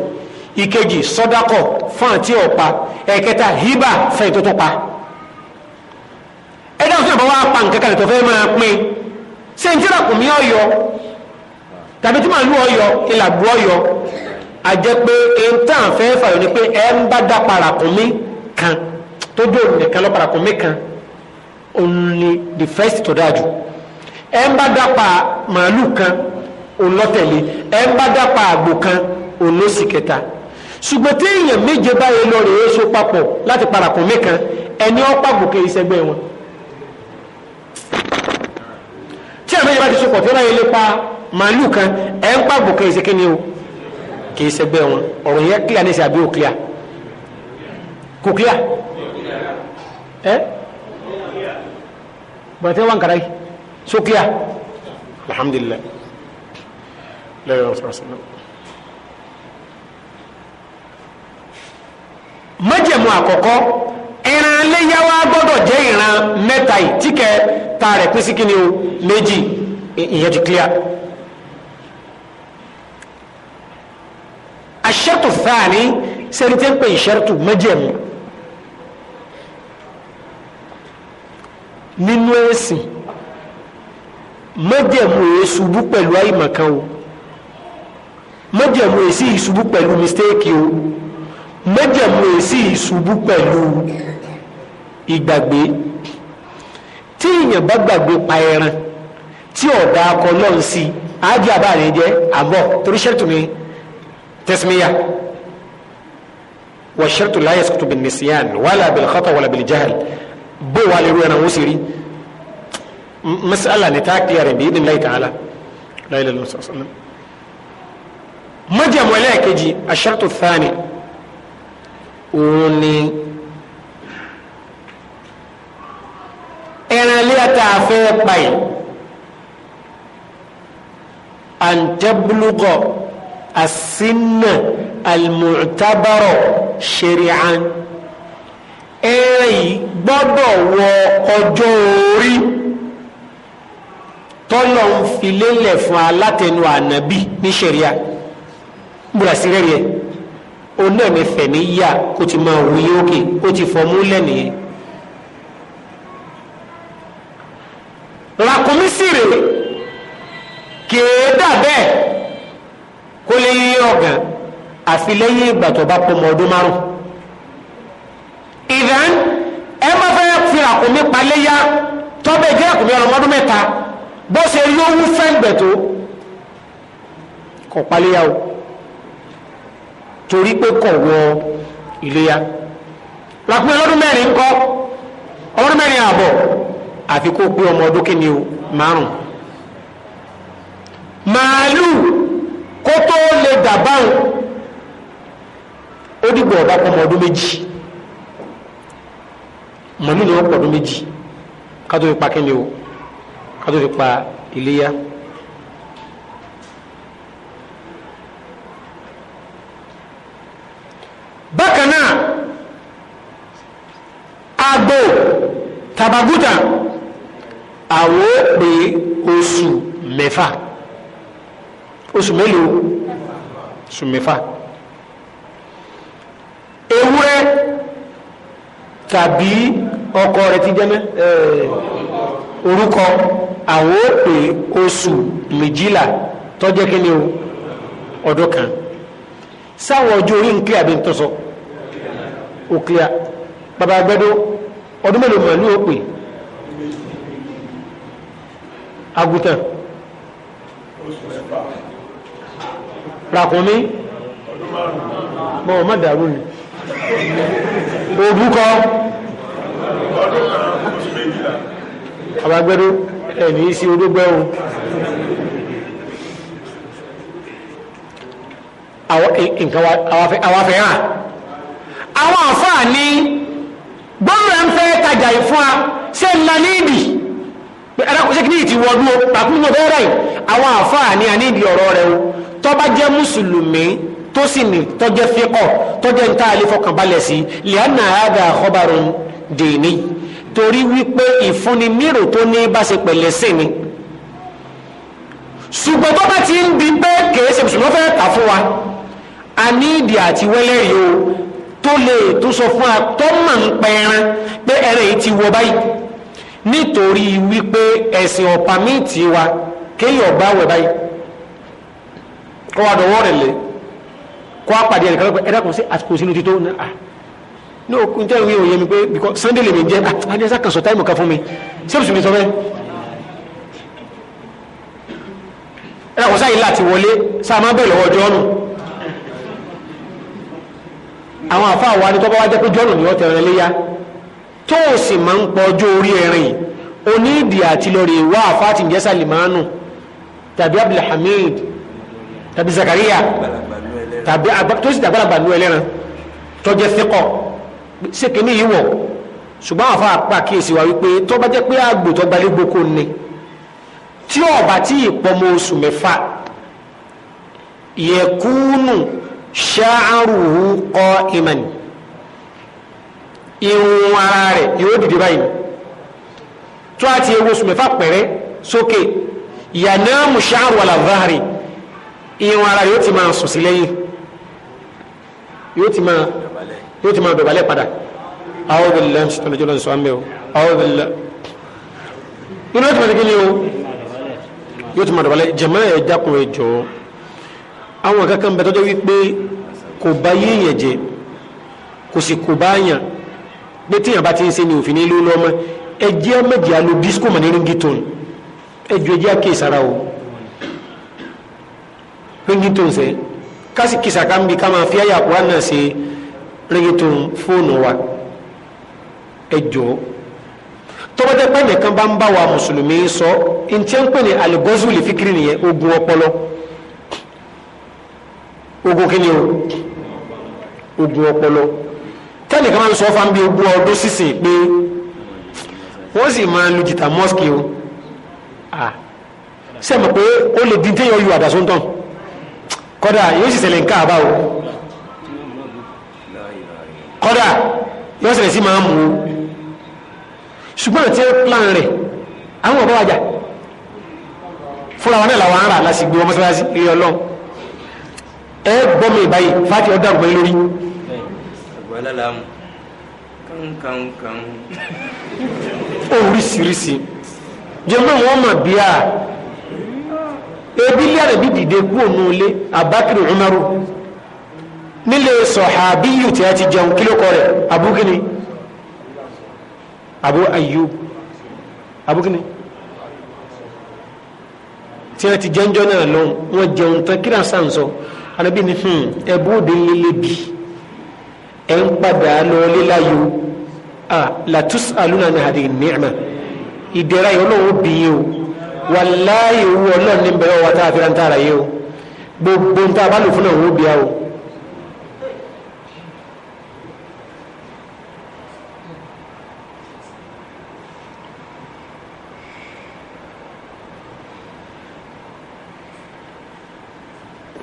ìkejì sọ́dákọ̀ fún àti ọ̀pá ẹ̀kẹta hibà fẹ́ẹ̀ tó tó pa ẹ̀dá òfin àbáwá pa nǹkan kan tó fẹ́ máa pín ṣe ń tíra kùnmí ọyọ tàbí tí màálù ọyọ ìlàgbó ọyọ àjẹ pé èntàn fẹ́ fàyọ ni pé ẹ ń bá dá parakùnmí kan tó dé òun nìkan lọ parakùnmí kan òun ni the first tó dáa jù ẹ ń bá dá pa màálù kan òun lọ tẹ̀lé ẹ ń bá dá pa àgbò kan òun ló sì kẹta ṣùgbọ́n tí èèyàn méje báyìí lọ rèé so papọ̀ láti parakùnmí kan ẹni ọ́ pàgò kiri wọn. àmì ìjọba ti sopọ̀ tí wọ́n yẹlé pa màálù kan ẹ̀ ń pàgbò kan ìṣe kíni o kì í ṣẹgbẹ́ wọn ọ̀rọ̀ yẹn clear ní ìṣe àbí ò clear kò clear ẹ bàtẹ́ wà ń kàrà yìí so clear alhamdulilayi lẹ́yìn ọ̀sán ọ̀sán náà. májẹ̀mú àkọ́kọ́ ìran léyàwó gbọ́dọ̀ jẹ́ ìran mẹ́ta yìí tíkẹ́ tá a rẹ̀ pín sí kí ni o méjì ìyẹn ti clear. aṣẹ́tù fáàní sẹ́ni tẹ́ ń pè ìṣẹ́tù mẹ́jẹ̀mú nínú ẹ̀sìn mẹ́jẹ̀mú èṣubú pẹ̀lú àìmọ̀kan o mẹ́jẹ̀mú èsì ìṣubú pẹ̀lú mistake o mẹ́jẹ̀mú èsì ìṣubú pẹ̀lú ìgbàgbé tí èèyàn bá gbàgbé pa ẹran tí ọ̀dà akọ lọ́n sí ájì àbáàrin jẹ́ àbọ̀ torí ṣẹ́tù ni tẹ́símíyà wà ṣẹ́tù láyé sọ́tù bin nìsíyàn wàlà bil khata wàlà bil jahl bó wà lè rú ẹran ó sì rí masala ni táàkì rẹ̀ bí idin láì ta'ala láì lọ́lọ́ sọ́sọ́lọ́ mọ́jàmọ́ ẹlẹ́ẹ̀kejì aṣẹ́tù thani òun ni ẹran ilé ata afẹ́ pàì àǹtẹ́bùlùgọ̀ àsínà àlùmùtábàrọ̀ ṣẹ̀ríàn ẹran yìí gbọ́dọ̀ wọ ọjọ́ orí tọ́lọ̀ ń fi lélẹ̀ fún alátẹnu ànábì ní ṣẹ̀ríà bùrà sí rẹ̀ rẹ̀ ní yá kó ti máa wúyé òkè ó ti fọmú lẹ́nìyẹn. ràkúnmí sì rè kéèdà bẹ́ẹ̀ kó lè yí ọ̀gàn àfi lẹ́yìn ìgbà tó bá pọ̀ mọ́ ọdún márùn. ìdán ẹ má fẹ́ fi ràkúnmí paléyà tọ́bẹ̀ jẹ́ ràkúnmí ọlọ́mọdún mẹ́ta bó ṣe rí owó fẹ́ǹgbẹ̀ tó kọ̀ paléyà o torí pé kọ̀ wọ iléyà ràkúnmí ọlọ́dún mẹ́rin ń kọ́ ọlọ́dún mẹ́rin àbọ̀ àfi kó pé ọmọ ọdún kìíní o márùn màálù kó tó lè dàbáwọn ó dìgbò ọba ọmọ ọdún méjì màálù ni wọn pọ ọdún méjì kátó fi pa kìíní o kátó fi pa iléyà. bákan náà àgbò tàbàgùtà. àwọn ó pé oṣù mẹ́fà oṣù mélòó oṣù mẹ́fà ewúrẹ́ tàbí ọkọ rẹ̀ ti jẹ́mẹ́ orúkọ àwọn pé o ọdún kan sáwọn ọjọ́ orí ń kílẹ̀ àbí ń tọ́sọ òkìlẹ̀ bàbá àgbẹ̀dọ́ àgùtàn ràkúnmí mọ̀ má dàrú ni òbúkọ àbágbẹ́rú ẹ̀ní sí orógbẹ́ ohun àwàfẹ́ hàn àwọn àfáà ní gbọ́nrẹ̀ ń fẹ́ tajà ìfún a ṣe ńlá nídìí ẹ̀rọ̀kọ̀ṣẹ́ kí ní ìtì wọ́dú o tàbí mo fẹ́ rẹ̀ àwọn àfáà ní àníìdí ọ̀rọ̀ rẹ̀ o tó bá jẹ́ mùsùlùmí tó sì ní tó jẹ́ fíkọ̀ tó jẹ́ níta àlè sí liana ada khobarun dèní torí wípé ìfúnni nírò tó ní bá ṣe pẹ̀lẹ́ sí ni ṣùgbọ́n tó bá ti ń di pé kèé ṣe mùsùlùmí fẹ́ tà fún wa àníìdí àti wẹ́lẹ́rìí o tó nítorí wípé ẹ̀sìn ọ̀pá míì tí wa kéèyàn bá wẹ̀ báyìí kọ́ wa dọ̀wọ́ rẹ̀ lé kọ́ apàdé ẹ̀rẹ̀ kan ẹ̀dá kan sí àsìkò sínú tító náà ní ah. òkú tẹ́ ìwé òye mi pé bíkọ́ sunday lè mi jẹ́ ah, adéṣà kan sọ táìmù kan fún mi sẹ́pùsù mi sọ bẹ́ẹ̀ ẹ̀dá sáyé láti wọlé sáà bẹ̀rẹ̀ lọ́wọ́ jọ́ọ̀nù àwọn àfa àwa ni tọ́ bá wá jẹ́ pé jọ́ọ̀nù ni wọ́n tẹ̀rẹ̀ léyà tó o sì máa ń pọ ọjọ́ orí ẹ̀rìn onídìí àti lọ́rẹ̀ wá àfáàtì jẹ́sà limanu tàbí abdulhamid tàbí zakaria tàbí tó sì dàgbàlagbà nú ẹlẹ́ran tọ́jẹ́ fẹ́kọ̀ ṣé kìíní yìí wọ̀ ṣùgbọ́n àfa àpá kíyèsí wa wípé tó bá jẹ́ pé àgbò tó gbalé gboko ni tí ọba tí ìpọmọ oṣù mẹ́fà yẹkúnù ṣáàrùhù kọ́ ìmánì irun ara rẹ̀ yóò dìde báyìí tó àti ewu oṣù mẹ́fà pẹ̀rẹ́ sókè ìyànà mùsàárù àlàváàrì irun ara rẹ̀ yóò ti máa sùn sí lẹ́yìn yóò ti máa yóò ti máa dọ̀bálẹ̀ padà àwọn obìnrin lẹ́yìn ṣètò ìjọba ìṣọ́ àmì o àwọn obìnrin lẹ́yìn inú yóò ti máa dọ̀bálẹ̀ o yóò ti máa dọ̀bálẹ̀ jẹ̀mọ́ ẹ̀ jákun ẹ̀ jọ àwọn kankan bẹ tọ́jọ́ wípé kò bá yéèyàn jẹ kò sì kò bá yàn pé tíyàn bá ti ń ṣe ni òfin nílò lọ́mọ ẹjẹ́ méjì alo disco mọ̀ ní ringtone ẹjọ́ ẹjẹ́ àkíyèsára o ringtone sẹ́ kásì kìsàkà ń bi ká máa fi àyà kúrán náà ṣe ringtone fóònù wa ẹjọ́ tọ́wọ́dẹ́ pẹ́ nìkan bá ń bá wa mùsùlùmí sọ ntí ń pè ní alibọ́sù lè fikiri nìyẹn ogun ọpọlọ ogun kí o ogun ọpọlọ tẹ́nìkan máa ń sọ fún bí ogún ọdún sísìn pé wọ́n sì máa lu jìtà mọ́sìkì o sẹ́mi pé ó lè dín téèyàn yọ àdàsó tán kọ́dà yóò sì ṣẹlẹ̀ ń káàbá o kọ́dà yóò ṣẹlẹ̀ sí máa mú o ṣùgbọ́n àti plan rẹ̀ àwọn ọ̀bọ̀ wájà fúnra wọn náà làwọn ará lásìgbò ọmọ sọ́yà sí ilé ọlọ́run ẹ gbọ́ mi báyìí fáti ọ̀dà ògbẹ́ lórí alálàámu kankankan. Oh, oríṣiríṣi jẹ́gbẹ́ wọn mọ̀ bí a ebi ilé àrẹ̀bí dìde kú òun ilé abakiri umaru nílé sọ̀hábíyù tí a ti jẹun kílókọ rẹ̀ abúkíní abu ayyub abúkíní tí a ti jẹun jọ náà lọ wọn jẹun tán kíra sáà ń sọ alábí ni hmm, ẹbú òde ńlẹ́lẹ́bí. Hmm, ẹ̀ ń padà lọ latus aluna na hadi ni'ma ìdẹ́ra yìí ọlọ́wọ́ bì yìí o wàláyé owó ọlọ́run ní bẹ̀rẹ̀ wà tá a o gbogbo ń funa a biya o.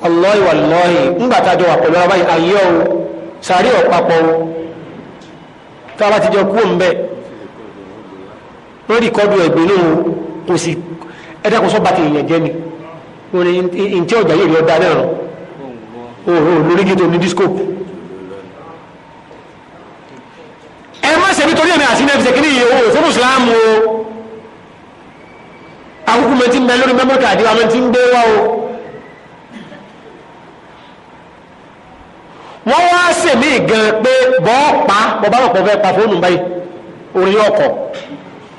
wàlọ́ọ̀hì wàlọ́ọ̀hì ńgbà tá sàárì ọ̀pápọ̀ o tára ti jọ kú òun bẹ́ẹ̀ wọ́n rí kọ́dù o náà kò sí ẹ̀dẹ́kùn sọ́ba ti yẹn jẹ́ ni wọ́n ní ntí ọjà yìí rí ọ̀dà náà rán òhò lórí gidi omi disco. ẹ má ṣe nítorí ẹ̀mí àti ẹ̀mí ṣèkìrì yìí o fún mùsùlùmí o akókò mẹ́tí ń bẹ lórí mẹ́mọ́tà àdìwà mẹ́tí ń gbé wá o. wọ́n wá sì mí gan pé bọ́ọ̀pá bọ́ọ̀bá ọ̀pọ̀ fẹ́ pa fóònù báyìí orí ọkọ̀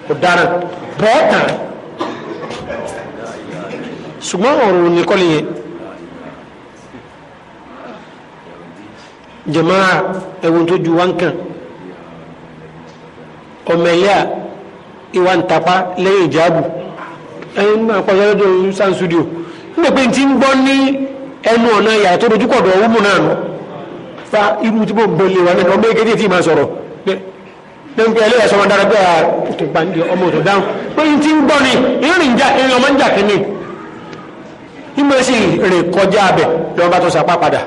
kò dára bọ́ọ̀tàn ṣùgbọ́n ọ̀rọ̀ òní kọ́lé yẹn jamaa ẹ̀wọ̀n tó ju wá ń kàn ọmọ ẹ̀yà ìwà ń tapá lẹ́yìn ìjáàbù ẹ̀yìn náà pàṣẹ lọ́dọ̀ sun studio nígbà pé ti ń gbọ́ ní ẹnu ọ̀nà yàrá tó dojúkọ̀dọ̀ ọ̀hún náà nù pa irú tí bó ń bọ́ lé wa lẹ́nu ọmọ èkéjì tí ma sọ̀rọ̀ lẹ́nu ẹlẹ́ ẹ̀sọ́ wọn dára pé àtùpàǹdì ah, ọmọ òtò dáhùn pé n ti ń gbọ́ ni ìrìn jà ìrìn ọmọ ń jà kínní ìmọ̀ sí rè kọjá abẹ lọ́wọ́ bá tó sapá padà.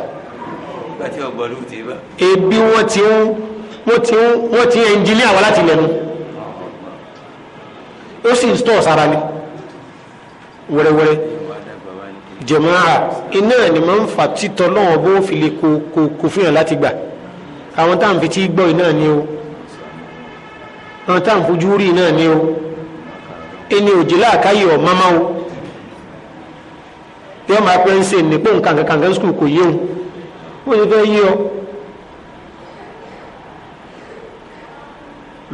ebi wọn ti ń wọn ti ń wọn ti ń ẹnjìníà wa láti lẹ́nu ó sì ń stọ̀ sára ni wẹ́rẹ́wẹ́rẹ́ jẹ̀máà iná ni máa ń fa títọ́ lọ́wọ́ bó fi lè kó kó kó fún yàn láti gbà àwọn tá à ń fi tí gbọ́ iná ni o àwọn tá à ń fojú rí iná ni o ẹni òjì láàkáyè ọ̀ máma o yọ máa pẹ́ ń ṣe nípò nǹkan kankan skul kò yé o wọ́n ti fẹ́ yé ọ.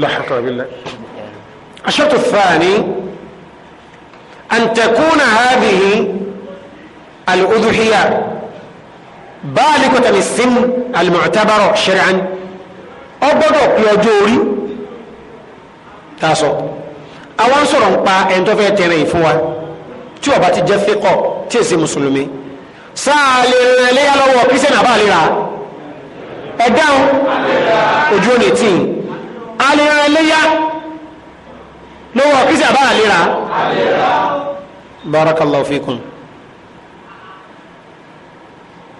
لا حول بالله الشرط الثاني أن تكون هذه الأضحية بالغة السن المعتبر شرعا أبدا يجوري تاسو àwọn sọ̀rọ̀ ń pa ẹni tó fẹ́ tẹ̀rẹ̀ ìfún wa tí ó bá ti jẹ́ fíkọ̀ tí èsì mùsùlùmí sáà lè rìn ẹlẹ́yà lọ́wọ́ kírísẹ́nì àbá lè ra ẹ̀dáhùn ojú ò ní tí ì a lè rìn ẹlẹ́yà lọ́wọ́ kírísẹ́nì àbá lè ra barakallahu fikum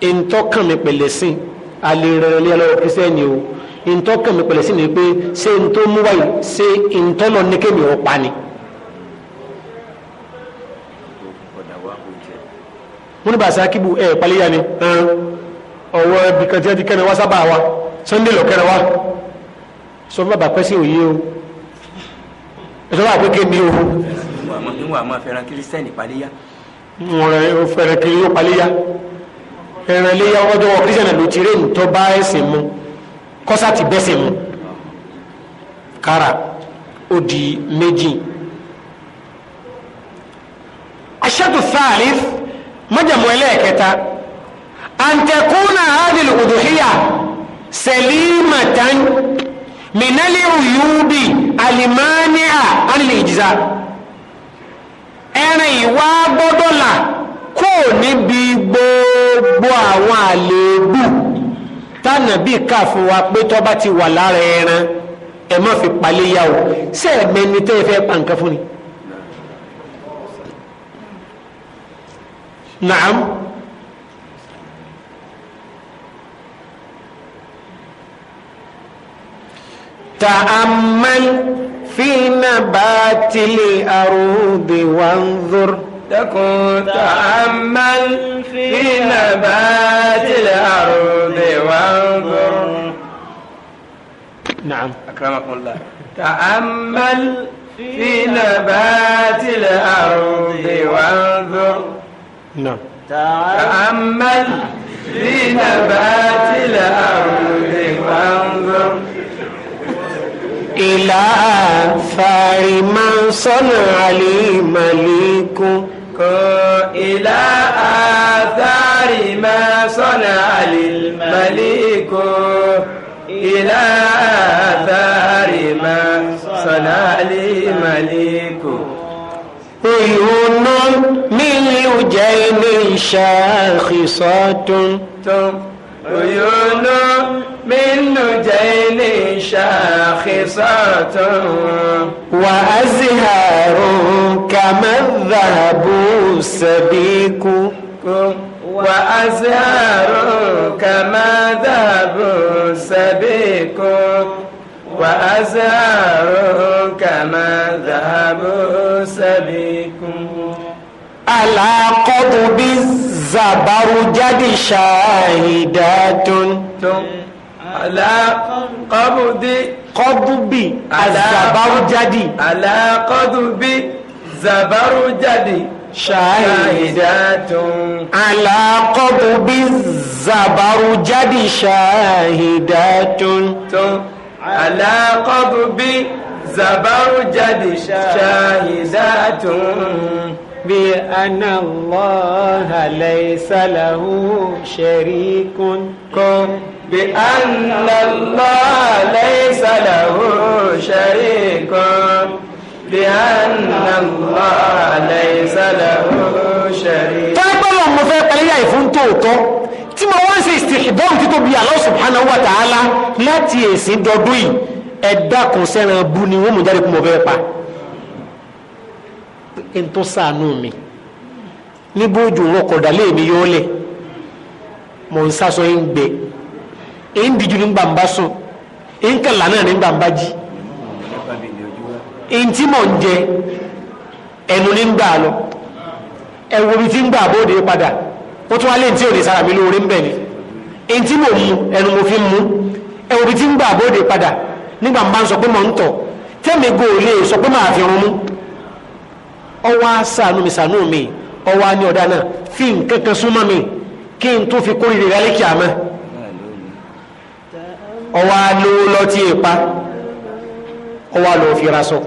ntọ́kànmi pẹ̀lẹ́sìn alẹ́ rẹ̀rẹ̀ lé ọlọ́wọ́ kristiani o ntọ́kànmi pẹ̀lẹ́sìn ni pé se ntọ́ mú wáyé ṣé ntọ́lọ nìkémi ò pa ni. múni bá a paliya ni ọwọ́ bìkànjẹ́ ti kẹ́ni wá sábà wa sunday lọ kẹ́ni wá sọ fún bàbá pẹ́sì òye o ẹ sọ fún àpékè ni o. níwọ̀n àmọ́ fẹ́ràn kírísítẹ́nì paliya. mo rẹ̀ fẹ́ràn kírísítẹ́nì paliya ẹran iléyà ọjọ́ wọ kírísítẹ̀nà ló ti rẹ́ni tó bá ẹ̀sìn mu kọ́sà ti bẹ́sìn mu kára ó di méjì. aṣẹ́tù thalith májàmú ẹlẹ́ẹ̀kẹta àǹtẹ̀kùnà hadil udhiya selimatan minali uyubi alimania anilẹ̀ ìjìzá ẹran ìwà gbọ́dọ̀ là níbi gbòó àwọn àléébù tánàbí kà fún wa pé tọ́ba ti wà lára ẹran ẹ má fi palẹ̀ yá o ṣé tẹ́ ẹ fẹ́ pa nǹkan fún ni. naam ta'ammal fi nabatil ardi wanzur. تكون تأمل في نبات الأرض وانظر نعم أكرمكم الله تأمل في نبات الأرض وانظر نعم تأمل في نبات الأرض وانظر إلى آثار من صنع لي مليك إلى آثار ما صنع للملك إلى آثار ما صنع للملك عيون من يجين شاخصات عيون من نجيل شاخصات وأزهار كما الذهب السبيك وأزهار كما ذهب سبيك وأزهار كما ذهب سبيك على قضب الزهر زبرجد شاهدات على قبض قضب الزبرجد على قضب زبرجد شاهدات على قضب الزبرجد شاهدات على قضب زبرجد شاهدات بأن الله ليس له شريك بأن الله ليس له شريك بأن الله ليس له شريك tọ́lọ́ mo fẹ́ paríyá ìfún tòótọ́ tí mo wọ́n ṣe ìsìnkìbọ́n títóbi Allah subhanahu wa ta'ala láti èsì dọdún yìí ẹ̀dá kò sẹ́ran bú ni wọ́n mú jáde kú mo fẹ́ pa ntọ́ sànú mi níbo ojú wọn kọ̀dà léèmí yóò lẹ̀ mọ̀ n sásọ yín gbẹ èyí ń dijú ní gbàǹbá sùn èyí ń kàlà náà ní gbàǹbá jí èyí tí mò ń jẹ ẹnu ní gbà lọ ẹwọ mi ti ń gbà bóde padà ó tún wá lé tí ò ní sára mi lóore ń bẹ̀ ni èyí tí mò ń mu ẹnu mo fi ń mu ẹwọ mi ti ń gbà bóde padà nígbà sọ pé mò ń tọ̀ tẹ́mi go sọ pé màá fi rún mú ọwọ́ àṣàánú mi ṣàánú mi ọwọ́ àní ọ̀dà náà fi nǹkan kan súnmọ́ mi kí n tó fi kórìíra rẹ̀ lékè àmọ́ ọwọ́ alówó lọ́tí ipa ọwọ́ alówó fi ra sọ.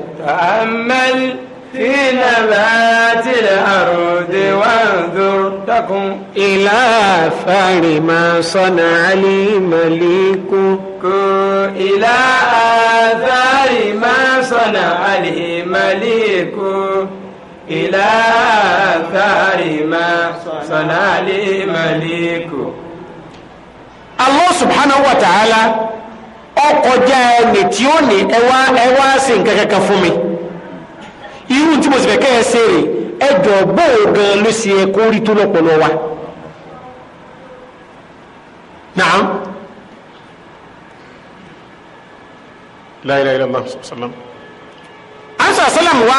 ìlà àfàrì máa sọnà àlè màlíkù. kò إلى آثار ما صنع لي مليك الله سبحانه وتعالى ọkọjá ẹni tí ó ní ẹwà ẹwà sí nǹkan kankan fún mi irú tí mo sì fẹ́ kẹ́ ẹ ṣe rè ẹjọ́ gbóògan ló ṣe ẹ kó rí tó lọ́pọ̀lọ́ wa naam la ansa wá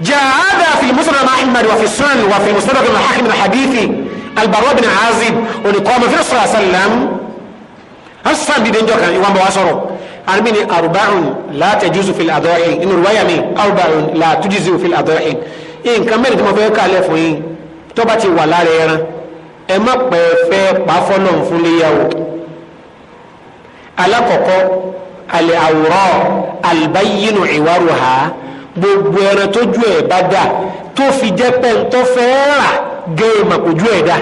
جاء هذا في مسند احمد وفي السنن وفي مسند الحاكم من حديث البراء بن عازب ونقام في صلى الله عليه وسلم السلام دي دنجو كان يوان بواسرو ارميني اربع لا تجوز في الاضاحي ان روايه مي اربع لا تجوز في الاضاحي ان كان ميري تمو فيه كالي فún yín tó bá ti wà lára ẹran ẹ má pẹ́ fẹ́ gbogbo ẹran tójú ẹ̀ bá dà tó fi jẹ́ pẹ́ńtọ́ fẹ́ rà gẹ́ ìmọ̀ kójú ẹ̀ dà.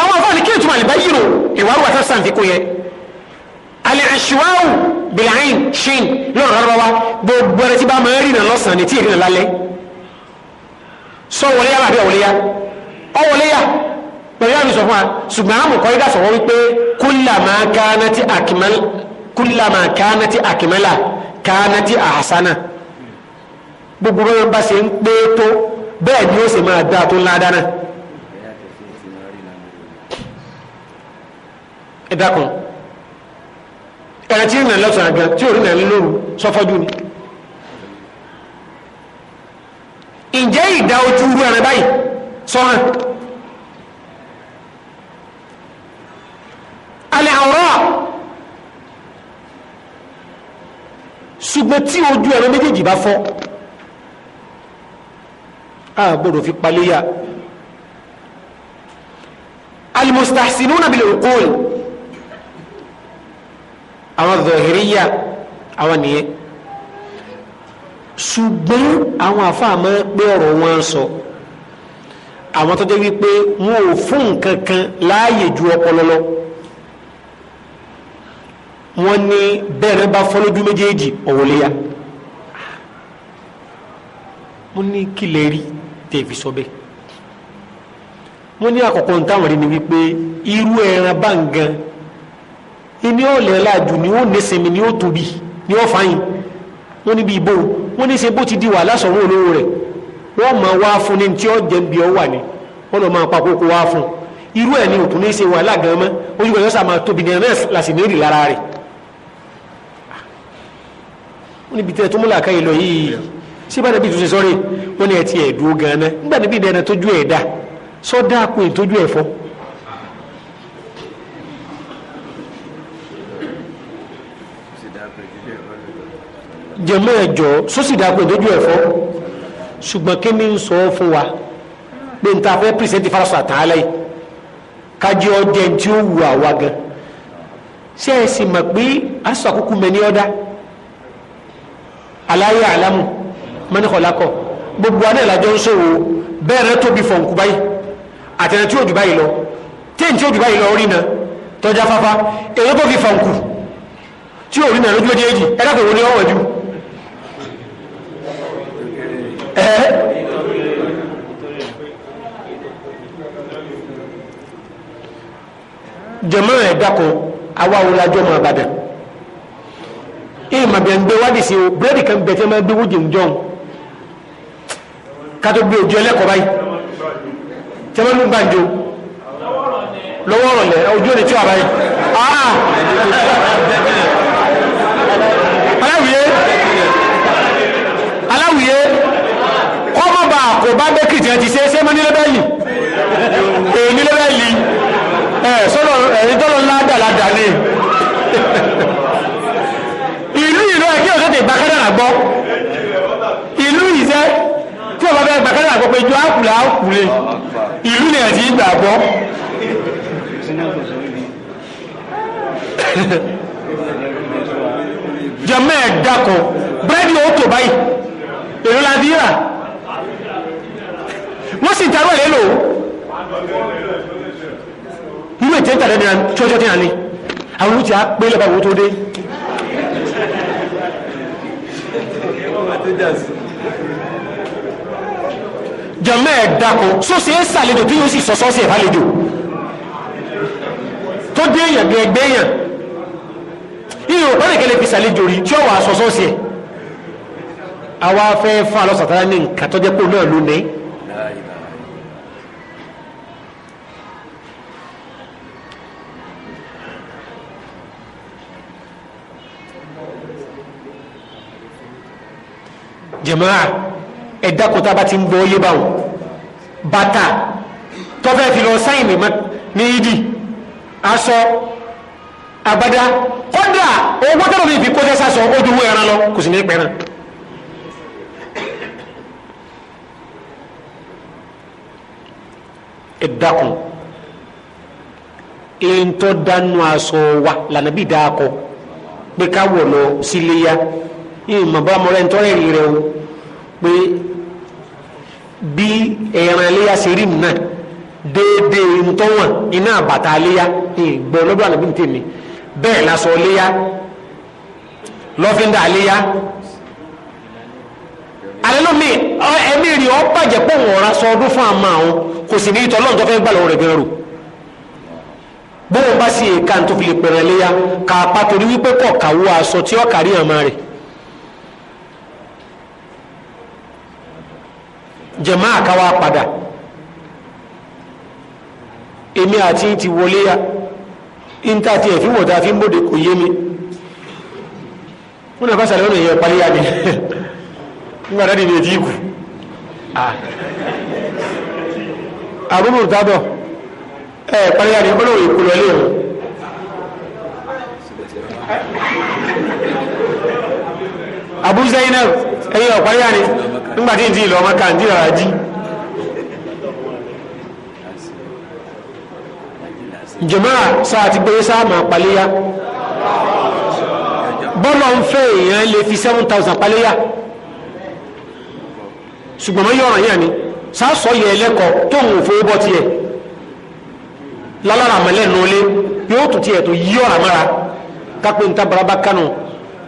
àwọn afọ àlìkí ìtumọ̀ àlìbá yìí rò ìwárò àtàsán fi kó yẹ alẹ́ àṣìwáwò bìláyìn ṣìn lọ́rọ̀ rárá wa gbogbo ẹran tí bá máa ń rìnà lọ́sàn-án ni tí ì rìnà lálẹ́ sọ wọléyà àbí ọwọléyà ọwọléyà pẹ̀lú àmì sọ fún wa ṣùgbọ́n àmì kọ́ ìdá sọ̀rọ̀ wípé kullama kanati akmal kullama kanati akmala kanati ahsana gbogbo bẹ́ẹ̀ bá ṣe ń pé tó bẹ́ẹ̀ ni ó sì máa dáa tó ńlá dáná. ẹ dákun ẹ̀rẹ̀ tí ìrìnà lọ́sàn àgbà tí òrìnà lóru sọ́fọ́jú ni. ǹjẹ́ ìdá ojú rú ẹran báyìí sọ́hàn. So, alẹ́ àwòrán ṣùgbọ́n tí ojú ẹ̀rọ méjèèjì bá fọ́ a gbọ́dọ̀ fi paléyà almustahsinuna bil uqul àwọn zahiriya àwọn nìyẹn ṣùgbọ́n àwọn àfáàmọ́ pé ọ̀rọ̀ wọn sọ àwọn tó jẹ́ wípé wọn ò fún nǹkan kan láàyè ju ọpọlọ wọ́n ní bẹ́ẹ̀rẹ̀ bá fọ́ lójú méjèèjì ọ̀wọ́léyà mo ní kílẹ̀ rí tẹ̀fì sọ bẹ́ẹ̀ mo ní àkọ́kọ́ ní táwọn rí ni wípé irú ẹran bá ń gan ẹni ọ̀lẹ́ láàjù ni ó nísinmi ni ó tóbi ni ó fàyìn wọ́n ní bí ibo wọ́n ní ṣe bó ti di wàhálà sọ̀rọ̀ olówó rẹ̀ wọ́n máa wá fún ni tí ó jẹ́ bí ọ wà ní wọ́n lọ máa pa kókó wá fún irú ẹ̀ òtún ní ṣe wàhálà gan mọ́ ojú kan yóò sá máa tóbi ní ẹ̀ náà làsì lára rẹ̀ wọ́n níbi tẹ́ tó múlà káyé lọ yìí sí bá nàbí ìtúnṣe sọ́rí wọ́n ní ẹtì ẹ̀dúró gan-an nígbà níbi ìdáná tójú ẹ̀ dá sọ́dá kù ìtójú ẹ̀ fọ́. jẹ̀mọ́ ẹ̀jọ́ sósì dáa pé ìtójú ẹ̀ fọ́ ṣùgbọ́n kí ni ń sọ fún wa pé n ta fẹ́ pírísẹ́ntì farasọ àtàlẹ́ yìí kájí ọdẹ tí ó wù àwa gan ṣé ẹ sì mọ̀ pé aṣọ àkókò mẹ́ni ọ̀dá aláyé àlámù mọ́nìkọ̀lákọ̀ gbogbo adé ìlàjọ ń ṣòwò bẹ́ẹ̀rẹ̀ tóbi fọ̀nkú báyìí àtẹ̀rẹ̀ tí òjò báyìí lọ téèyàn tí òjò báyìí lọ rí na tọ́já fáfá èrè tó fi fọ̀nkú tí ò rí na lójú méjèèjì ẹ̀dá kò wọlé ọ̀wọ̀ ju. jẹ̀mọ́ ẹ̀dá awáwo lájọ́ mọ́ àbàdàn ee eh, ma bẹn gbé wádìí sí o búrẹ́dì kan bẹ̀ tí a máa gbé wójì ń jọ kátó gbé ojú ẹlẹ́kọ̀ọ́ báyìí tí a máa ló ń gbàǹjo lọ́wọ́ ọ̀rọ̀ lẹ̀ ojú ò ní tí wà báyìí aa ah! aláwìyé aláwìyé kọ́mọba kò bá bẹ́kì tí a ti ṣe é ṣé máa nílẹ̀ bẹ́ẹ̀ yìí èyí nílẹ̀ bẹ́ẹ̀ yìí ẹ̀ sọ́dọ̀ ẹ̀yìn tọ́lọ́ ńlá gbọ́ ìlú ìṣẹ́ tí ọba bẹ́ẹ̀ gbàkádà gbọ́ pé jọ àkùlà àkùlé ìlú ni ẹ̀sìn ìgbà gbọ́. jẹ́mẹ́ ẹ̀ dákọ̀ búrẹ́dì ó tò báyìí èrò la fi rà wọ́n sì tarọ́ ẹ̀ lò ó irú ètè ń tàdé ní ọjọ́ tí a ní àwọn olùtí á pé lọ́ba owó tó dé. jọmọ́ ẹ̀ dakọ̀ sóse é sàlejò tí yóò sì sọ sọ́ọ́sì ìbálejò tó dé èèyàn bí ẹgbẹ́ èèyàn ìyẹn ò bẹ́ẹ̀ kẹlẹ́ fi sàlejò rí tí ó wà sọ sọ́ọ́sì ẹ̀ àwa fẹ́ fà lọ́sàtàlá ní nǹkan tó jẹ́ pé òun náà ló ní. jama'a ẹ̀dá kò tá a bá ti ń bọ́ yé báwọn bàtà tọ́fẹ́ fi lọ sáyìn ní ìdí aṣọ agbádá kọ́dà owó tẹ́lọ̀ mi fi kó tẹ́ sásọ ó dúró ẹran lọ kò sì ní pẹ́ràn ẹ̀dá kan èyí dánú aṣọ wa lànà bí dáa kọ pé ká wọ̀ lọ síléyà ìmọ̀ bá mọ́rẹ́ ń tọ́rẹ́ rí rẹ o pé bí ẹran iléyà ṣe rí náà déédéé ntọ́wọ̀n iná àbàtà iléyà ìgbọ́ lọ́dọ̀ àlọ́bí ní tèmi bẹ́ẹ̀ lásọ iléyà lọ́fíńdà iléyà alẹ́lómi ẹ̀mí rí ọ bàjẹ́ pé òun ọ̀ra sọ ọdún fún àmà àwọn kò sì ní ìtọ́ ọlọ́run tó fẹ́ gbà lọ́wọ́ rẹ̀ gan rò bóun bá sì èka tó fi lè pẹ̀rẹ̀ léyà kà á pa torí wípé kọ̀ káwó aṣọ tí ó kárí àmà rẹ̀ jàmáà káwá padà èmi àti ti wọlé ya níta ti ẹ̀fí wọ̀ta fi ń bòde kò mi wọn náà sàlẹ̀ wọn èèyàn parí ya ni (laughs) nígbà dáadé ni ètí ikù àrùn òtádọ̀ ẹ̀ parí ya ni ọlọ́wọ̀ ìkùlọ̀ lé o. Abu Zainab ẹyẹ ọ̀páyà ni nígbàtí ìdí ìlọ ọmọ kàndí ọ̀rá jí jùmọ́à sáà ti gbé sáàmà paléyà bọ́lọ̀ ń fẹ́ èèyàn lè fi 7000 paléyà ṣùgbọ́n mọ́ yọ̀ràn yẹn ni sáàsọ yẹ ẹlẹ́kọ̀ọ́ tó ń fowó bọ́ tiẹ̀ lálára àmọ́lẹ́nu olé yóò tún tiẹ̀ tó yí ọ̀ràn mára kápẹ́ntà barabá kánú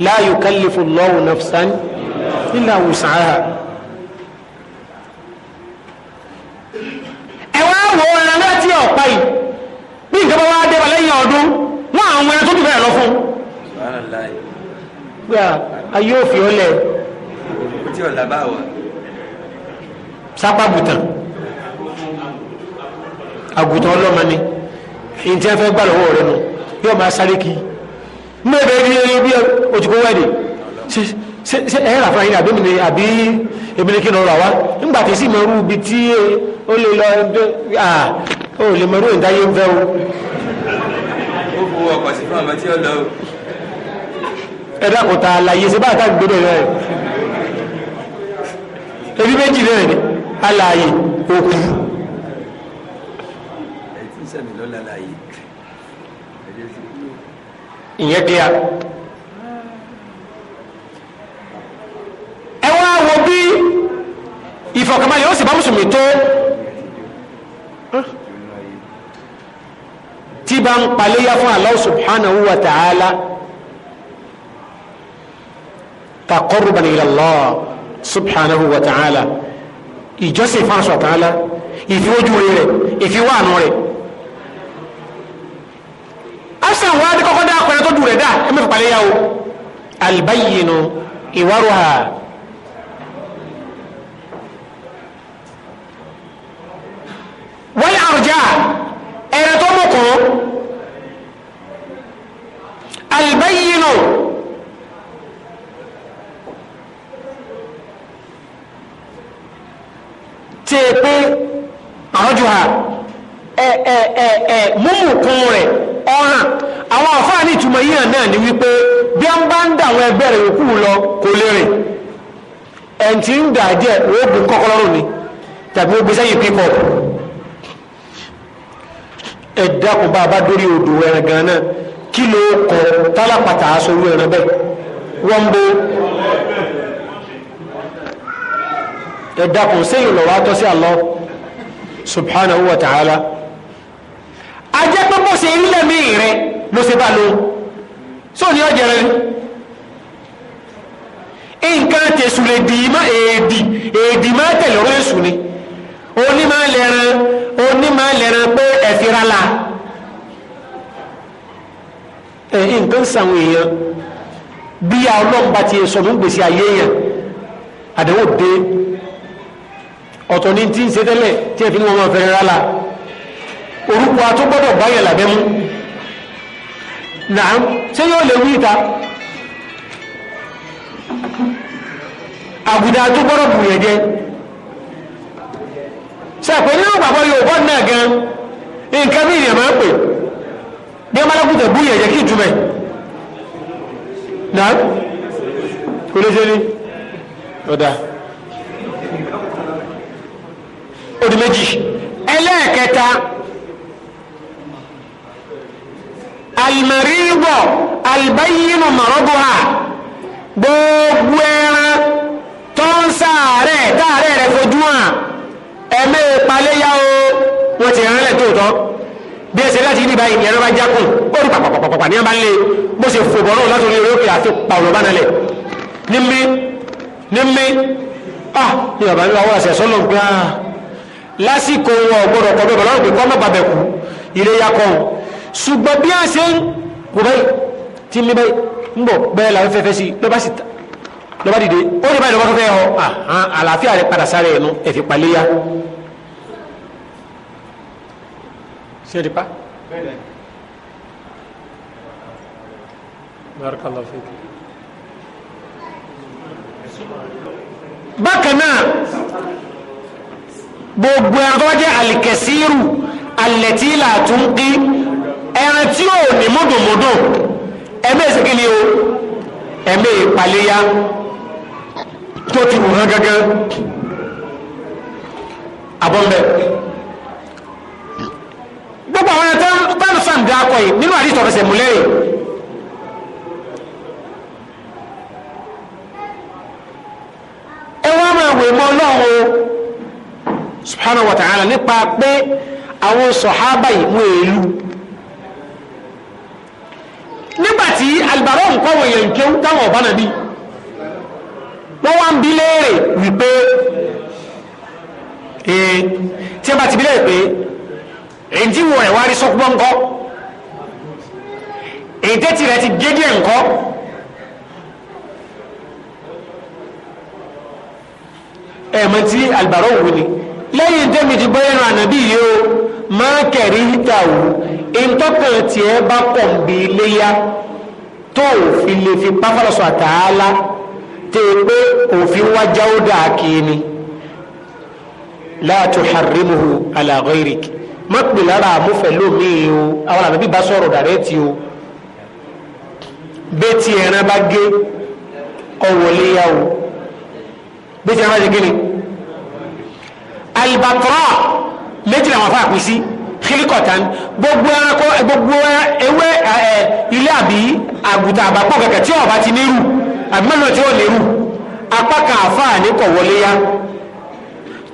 la yukallifu Allahu nafsan illa wus'aha. ẹ wá wo ẹran láti ọ̀pá yìí bí nǹkan bá wá dé wa lẹ́yìn ọdún wọ́n àwọn ẹran tó dùn bẹ́ẹ̀ lọ fún. pé a yóò fi ọ lẹ. sápá bùtàn àgùtàn ọlọ́mọ ni èyí tí wọ́n fẹ́ gbà lọ́wọ́ rẹ nù yóò máa sáré kiri mẹ́rẹ̀ rí rí bí òjìkó wẹ́dì ṣe ẹ̀rà fún àyín àbí àbí ebile kí n rọra wá nígbà tí sì mọ̀rú ibi tí ó lè lọ ó lè mọ̀rú ìdáyé ń fẹ́ o. ó bu ọkọ̀ sí fún ọmọ tí ó lọ o. ẹ dákun ta àlàyé ṣe bá àtà gbọdọ̀ rẹ ebi méjì náà ni àlàyé òkú. ẹ ti sẹ́mi lọ́la àlàyé ìyẹn kíá. ẹ wá wo bí ìfọ̀kànbalẹ̀ ó sì bá mùsùlùmí tó tí bá ń paléyà fún Allah subhanahu wa ta'ala taqarruban ila Allah subhanahu wa ta'ala ìjọsìn fún aṣọ àtàlá ìfi ojú rẹ̀ ìfi wà nù rẹ̀ absa wa ni kọ́kọ́ dá akọ̀rẹ́ tó dùn rẹ̀ dá ẹ e mẹ́fà palẹ̀ yà o albayyinu ìwárùhà wọ́n àrùjá ẹ̀rẹ̀ tó mú kọ́ albayyinu tèèpé àrùjá múmùkún rẹ̀ ọ̀ràn àwọn àfáàní ìtumọ̀ yíyàn náà ni wípé bí a bá ń dà àwọn ẹgbẹ́ rẹ̀ yòókù lọ kò lè rìn ẹ̀ǹ ń dà jẹ́ oògùn ni tàbí oògùn sẹ́yìn pípọ̀ ẹ̀dá kò bá a bá dórí odò ẹran gan náà kí ló kọ tálápàtà aṣọ irú ẹran bẹ́ẹ̀ ajẹ́ pé bó ṣe rí lẹ́mí rẹ ló ṣe bá lo sóò ní ọjà rẹ nǹkan tẹ̀sù lè dì í má èèdì èèdì má tẹ̀lé ọ̀rọ̀ èṣù ni onímọ̀ lẹ́ran onímọ̀ lẹ́ran pé ẹ̀fira la ẹ̀ nǹkan sàwọn èèyàn bí i ọlọ́run ti sọ̀rọ̀ ń gbèsè ayé yẹn àdéhùn dé ọ̀tọ̀ ní tí ń ṣe tẹ́lẹ̀ tí ẹ̀ fi ní wọn máa fẹ́rẹ̀ rárá orúkọ atúgbọ́dọ̀ báyẹ̀ làbẹ́mú náà ṣé yóò lè wí ìta àbùdá atúgbọ́dọ̀ bùyẹ̀ jẹ sẹ́pẹ̀ nínú bàbá Yorùbá náà gan nǹkan bí ìrìn àmọ́ pè bí a máa lákùtà bùyẹ̀ jẹ kí ìtumẹ̀ náà kò lè ṣe ní ọ̀dà ó di méjì ẹlẹ́ẹ̀kẹta alìmọ̀ríwọ̀ alìbáyínú mọ̀rọ́bùhà gbogbo ẹran tó ń sáàárẹ̀ dáàrẹ̀ rẹ̀ fojú hàn ẹ̀mẹ́ ìpaléyà o wọ́n ti rán lẹ̀ tóòtọ́ bí ẹsẹ̀ láti ní báyìí ní ẹran bá jákùn ó rí pàpàpàpàpà ní abánlé bó ṣe fò bọ́rọ̀ láti orí orókè àti pàwọ̀lọ́ bá nalẹ̀ ní mi ní mi ah ní bàbá mi wá wá ṣẹ̀ṣọ́ lọ gbá lásìkò wọn ọ̀gbọ́dọ̀ kọ́ bẹ́ẹ̀ bọ́lá ṣùgbọ́n bí a ṣe ń kò báyìí tí ń lé báyìí ń bọ̀ bẹ́ẹ̀ làwọn fẹ́fẹ́ sí lọ́ba sì ta lọ́ba dìde ó lè báyìí lọ́ba fẹ́fẹ́ ọ ah, ah, àlàáfíà rẹ padà sáré ẹnu ẹ̀fì paléyà. ṣé ẹ̀dí pa. bákan náà gbogbo ẹ̀rọ tó wá jẹ́ alikẹ́sírù alẹ́tí làtúndín. ẹran tí ò ní múdùmúdù ẹ̀mẹ́ ìsìnkìlì o ẹ̀mẹ́ ìpàlẹ́yà tó ti wù hàn gángan gbogbo àwọn ẹ̀tọ́ tánù sàǹdà akọ yìí nínú àdìsọ̀ ewu múlẹ́rìn ewu máa wè mọ́ ọlọ́run o subhanahu wa ta'ala nípa pé àwọn sọ̀hábà yìí mú èlú nígbàtí alìbàbọ̀ ń kọ́wọ̀ èèyàn kéwú táwọn ọ̀bá nàbí wọ́n wá ń bí léèrè wípé ee tí a bá ti bí léèrè pé èyí tí wọ́n rẹ̀ wá rí sọ́kúbọ́ ńkọ́ èyí tẹ́tì rẹ̀ ti gédé ńkọ́ ẹ̀ẹ̀mọ́ tí alìbàbọ̀ wù ni lẹ́yìn tẹ́mi ti gbọ́ ẹran ànàbí yìí o máa kẹ̀rí hítà wù ìtọ́kàn tiẹ̀ bá pọ̀ bí iléyà tó òfin lè fi pápálọ̀sọ̀ àtàálá tẹ́ pé òfin wá jáwó dáa kí ni láàtò harimuhu ala ghairik má pè lára àmúfẹ́ lómii o àwọn àmì bá sọ̀rọ̀ dàrẹ́tì o bẹ́ẹ̀ tí ẹran bá gé ọ̀wọ̀léyà o bẹ́ẹ̀ tí ẹran bá gé ni albatross méjì làwọn afa àpín sí kílíkọ̀tàn gbogbo ẹranko eh, gbogbo eh, ewé eh, ilé àbí àgùtà àbápọ̀ kẹ̀kẹ́ tí ọba ti nírú àbí mẹ́lò tí ó nírú apá kan àfa àní kọ̀ wọlé yá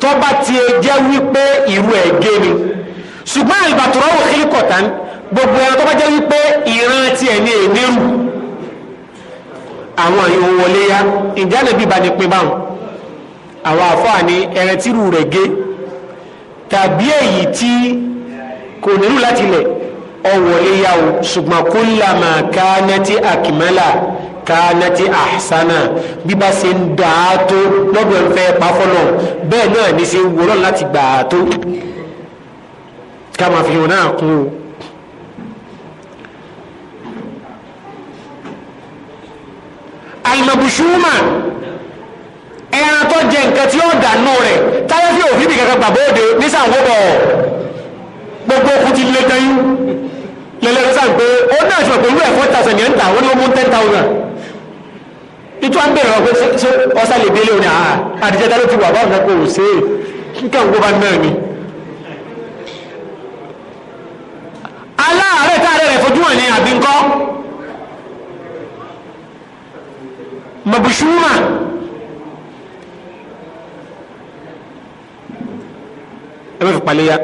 tọ́ba ti jẹ́ wípé ìrù ẹ̀ gé ni ṣùgbọ́n àlùbàtúrọ̀ wò kílíkọ̀tàn gbogbo ẹran tó bá jẹ́ wípé ìran ti ẹ̀ ní ènìrù àwọn ìhun wọlé yá ìjánabi bá ní pin báwọn àwọn àfa àní ẹran rẹ̀ gé tàbí èyí tí kò nílò láti lẹ̀ ọ̀wọ̀lé yá o ṣùgbọ́n kullama kanati akmala kanati ahsana bí bá ṣe ń dà á tó lọ́dọ̀ ẹ̀ ń fẹ́ pa fọ́nà bẹ́ẹ̀ náà ní ṣe wúrọ̀ láti gbà á tó ká fi hàn náà kún o. alimabushuma ẹran tó jẹ nǹkan tí ó dànù rẹ̀ táyé fi òfin bì kankan gbàgbọ́ òde nísàngóbọ̀ gbogbo okùn ti lé tẹ́yìn lẹ́lẹ́rìí sàn pé ó náà sọ pé irú ẹ̀fọ́ tàṣà ní ẹ̀ ń tà wọ́n ní ó mú ten thousand ìtú ń bèrè ọ̀pẹ ṣé ọ̀sá lè délé òní àhà àdìjẹ́ta ló ti wà báwọn kan kò ṣe é nǹkan gbogbo bá náà ni. aláàárẹ̀ táàrẹ̀ rẹ̀ fojú hàn ní àbínkọ́ mọ̀bùsùnmà. ẹ má fi paléyà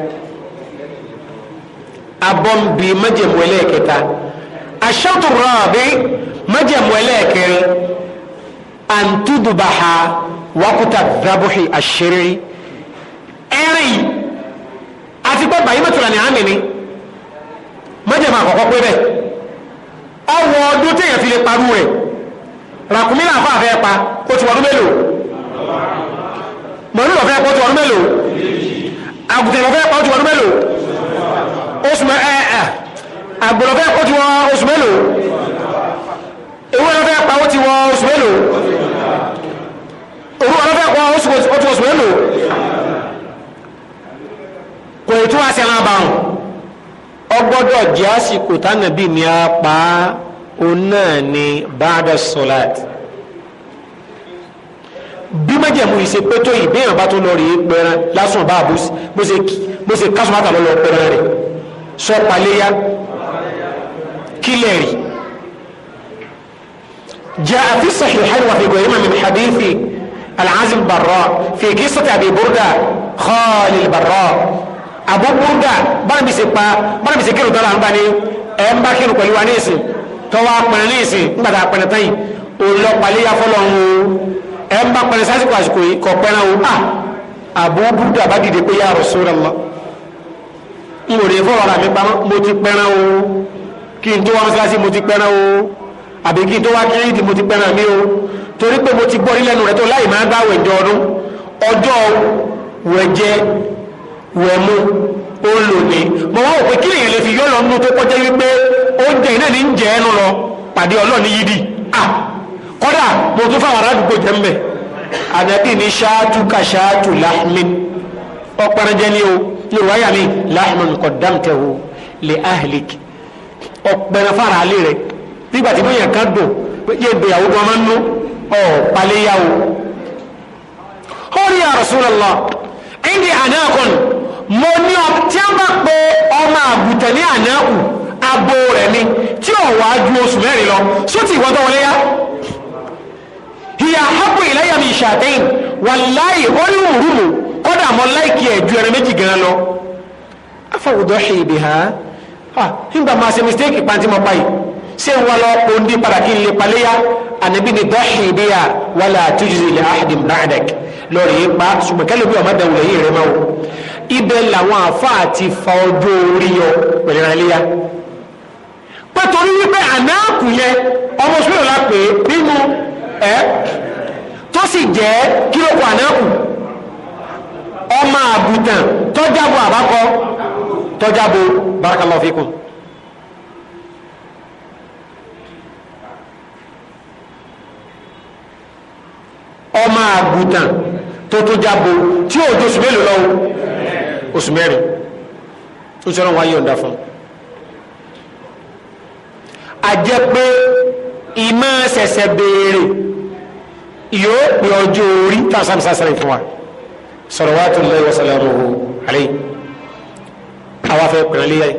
abọ́nbi májẹ̀mú ẹlẹ́ẹ̀kẹta aṣọ́tò rọ̀bì májẹ̀mú ẹlẹ́ẹ̀kẹrin àǹtúdùbàhà wákútà dábùhì àṣírí ẹ̀rìn àti pé bàyí mẹ́tòlá ni àmì ni májẹ̀mú àkọ́kọ́ pé bẹ́ẹ̀ ọwọ́ ọdún téèyàn fi lè parú rẹ̀ ràkúnmí náà fà fẹ́ pa ó ti wọnú mélòó mọ̀lúwọ̀ fẹ́ pa ó ti wọnú mélòó àgùntàn lọ́fẹ́ pa ó ti wọ́n mélòó oṣù mẹ́ ẹ ẹ àgbọ̀n lọ́fẹ́ pa ó ti wọ́n oṣù mélòó ewúrẹ́ lọ́fẹ́ pa ó ti wọ́n oṣù mélòó òru lọ́fẹ́ pa ó ti wọ́n oṣù mélòó kò tún àṣẹ máa bá wọn ọgbọ́dọ̀ jẹ́ àsìkò tánàbí ni a pa òun náà ni ba'da salat bí májẹ̀mú ìṣe pé tó ìbéèyàn bá tó lọ rí pẹran lásán bá àbúsí bó ṣe kásùmátà lọ́lọ́ pẹran rẹ̀ sọ paléyà kílẹ̀ rí جاء في الصحيحين وفي غيرهما من حديث العازب البراء في قصة أبي بردة خال البراء أبو بردة بنا بيسيبا بنا بيسيكيرو دولار بني أم باكيرو كلوانيسي توا أقبل نيسي نبدا أقبل تاي ولو قليا فلو ẹ ń bá pẹrẹ sásìkò àsìkò yìí kọ pẹrẹ o a ah, Abu Burda bá dìde pé ya Rasulullah n ò lè fọwọ́ ara mi pamọ́ mo ti pẹrẹ o kí n tó wá mọ́sálásí mo ti pẹrẹ o àbí kí n tó wá kírìtì mo ti pẹrẹ mi o torí pé mo ti gbọ́ nílẹ̀ nù rẹ̀ tó láì máa gbá wẹ̀jọ ọdún ọjọ́ wẹ̀jẹ wẹ̀mú ó lò ní mo wá òpin kí lèyìn lè fi yọ́ lọ tó kọjá wípé oúnjẹ iná ní ń jẹ ẹnu lọ pàdé ọlọ́ọ̀ni yídì ah kọ́dà mo tún fáwọn aládùúgbò jẹ́ ń bẹ̀ ànábì ní ṣáàtú ka ṣáàtú láhmin ọ̀pẹ̀rẹ̀jẹ̀ ni o ní wáyà mi láhmin kọ̀ dáǹtẹ̀ o lè ahlik ọ̀pẹ̀rẹ̀ fara alẹ́ rẹ̀ nígbà tí bóyá kan dùn yé ìgbéyàwó gan máa ń nú ọ̀ paléyàwó. ó rí ya Rasulullah ẹ̀ndì ànákùn mo ní ọ tí a bá pe ọmọ àgùntàn ní ànákù abo rẹ̀ ni tí ò wá ju oṣù mẹ́rin lọ sótì ìwọ́n tó wọlé yá hiya habu ilayya min shatayn wallahi olùrùmù kọ́dà mọ́ láìkí ẹ̀ ju ẹran méjì gan lọ afọwọ́dọ̀ ṣe ibi ha nígbà máa ṣe mistake pàǹtí mọ́ báyìí ṣé ń wá lọ òǹdí padà kí n lè paléyà ànábì ni dọ̀ ṣe ibi ha wala tujzi li ahadin ba'dak lọ́ọ̀rì yìí pa ṣùgbọ́n kẹ́lẹ́ bí ọmọ dàwùlẹ̀ yìí rẹ̀ máa wò ibẹ̀ làwọn àfáà ti fa ọjọ́ orí yọ pẹ̀lú ìrànlẹ́yà pẹ̀tọ́rí wípé àná àkùyẹ ọmọ sùúrù la pè é ẹ́ tó sì jẹ́ kílókù ànákù ọmọ àgùntàn tọ́jábo àbákọ tọ́jábo barakallahu fikum. ọmọ àgùntàn tó tó jábo tí ó jọ sùmẹ́lò lọ́wọ́ oṣù mẹ́rin ó sọ́rọ̀ wáyé ọ̀dá fún a jẹ́ pé ìmọ̀ ṣẹ̀ṣẹ̀ béèrè yóò pè ọjọ́ orí tàṣàm sàṣàrẹ̀ fún wa salawatullahi wa salamuhu alayhi àwọn afẹ́ pẹ̀lú ilé yẹn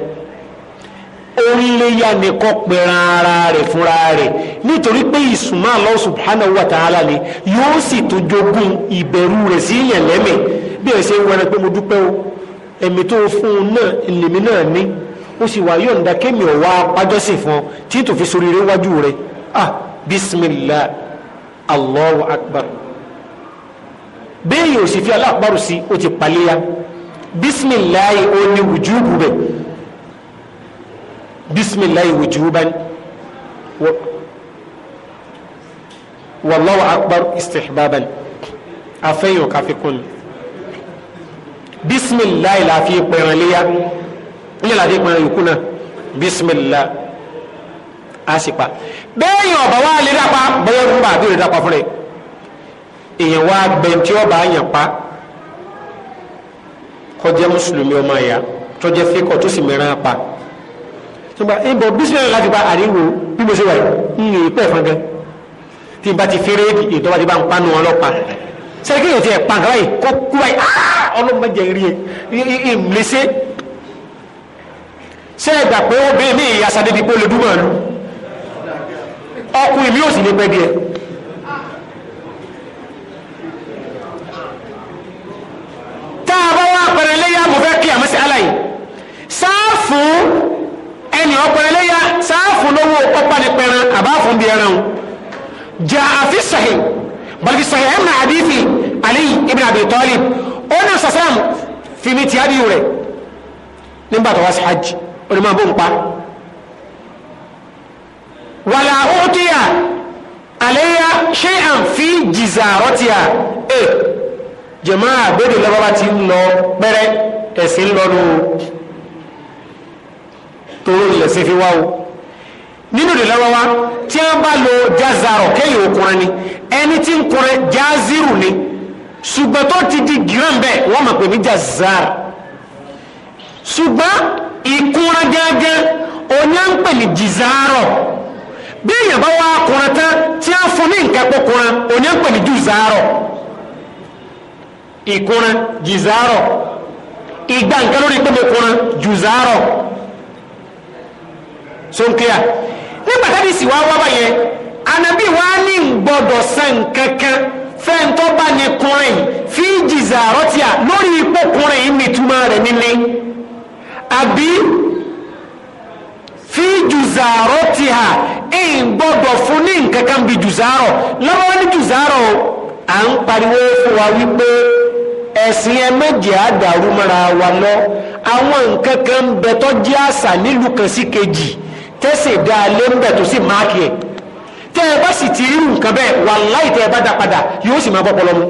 oríléyà nìkan pẹ̀ràn ara rẹ̀ fúnra rẹ̀ nítorí pé ìsúnmọ́ Allah subhanahu wa ta'ala ni yóò sì tún jogún ìbẹ̀rù rẹ̀ sí yẹn lẹ́mẹ̀ bí ẹ̀ ṣe ń wẹran pé mo dúpẹ́ o ẹ̀mí tó fún un náà lèmi náà ní ó sì wá yọ̀ǹda kémi ọ̀wá pàjọ́sìn fún ọ tí tòfin sórí rẹ̀ wájú rẹ̀ ah bisimilah allahu akbar bẹ́ẹ̀ yóò sì fi aláàpárò sí o ti pàléyà bisimilayi o ní wùjúbù bẹ bisimilayi wùjúbán wallahu akbar istihbaban afẹ́yìn òkàfikún bisimilayi láfi pẹ̀rẹ̀léyà ilé láfi pẹ̀rẹ̀ yòókù náà bisimilayi a sì pa bẹ́ẹ̀yìn ọ̀bà wa lè dápa bọ́yọ̀ fún bàbí rẹ̀ dápa fún rẹ̀ èèyàn wá gbẹ̀ntì ọba àyàn pa kọjá mùsùlùmí ọmọ ẹ̀yà tọjá fíkọ tó sì mẹ́ràn pa nígbà ìbọ̀ bísílẹ̀ láti pa àríwò bí mo ṣe wà yìí ń lè pẹ́ fún gan tí n bá ti fẹ́rẹ́ ìtọ́ba ti bá ń panu ọlọ́pàá sẹ́kẹ́ yìí ti ẹ̀ pàǹkà báyìí kó kú báyìí ọlọ́mọdé rí ẹ ìmùlẹ́sẹ̀ sẹ́ẹ̀gbà pé ó bẹ́ẹ̀ ní ìyá sadébi pé ó lè dúmọ̀ ọkùnrin mi ò sì lè pẹ́ díẹ̀ tá a bá wá pẹ̀rẹ̀ léyà mo fẹ́ kí àmọ́sí aláì sáàfù ẹni ọpẹ̀rẹ̀ léyà sáàfù lówó ọpanipẹran àbáfún bí ẹran jà àfi sahih bàlùkì sahih ẹ̀mà àdífì Ali ibn Abi Talib ó ní sàsàm fìmí tìádìí rẹ̀ nígbà tó wá sí hajj onímọ̀ bó ń pa wàlà ótíyà àléyà ṣé à ń fi jìzà rọ́tíyà ẹ jẹ̀mọ́ àgbèdè lọ́wọ́ bá ti ń lọ pẹ́rẹ́ ẹ̀sìn ń lọ lò fi wá o nínú ìdè lọ́wọ́ wa tí wọ́n bá lo jazarọ̀ kéyìn okùnrin ni ẹni tí ń kùnrin jaziru ni ṣùgbọ́n tó ti di gíràn bẹ́ẹ̀ wọ́n mọ̀ pé ní jazar ṣùgbọ́n ìkúnra gángan oní à ń pè ní jizarọ̀ bí èèyàn bá wá kùnrin tán tí a fún ní nǹkan kúkùnrin òní ń pè ní jùzárọ̀ ìkùnrin jùzárọ̀ ìgbà nǹkan lórí pé mo kùnrin jùzárọ̀ sónkíà nígbà tàbí sì wá wá báyẹn anabi wa ní gbọdọ̀ san kankan fẹ́ntọ́ bá ní kùnrin fi jùzárọ̀ tí a lórí ipò kùnrin mi túmọ̀ rẹ̀ nílé àbí fi juzaro ti hà ẹ̀yìn gbọ́dọ̀ fún ní nǹkan kan bí jùzàrọ̀ lọ́wọ́ ní jùzàrọ̀ à ń pariwo fún wa wípé ẹ̀sìn ẹ méjì àdàrú mọ́ra wa lọ àwọn nǹkan kan ń bẹ tó jẹ́ àṣà nílùú kan sí kejì tẹ́sẹ̀ dá lé ń bẹ tó sì máàkì ẹ̀ tẹ́ ẹ bá sì ti rí nǹkan bẹ́ẹ̀ wàláì tẹ́ ẹ bá dá padà yóò sì máa bọ́ pọlọ́mú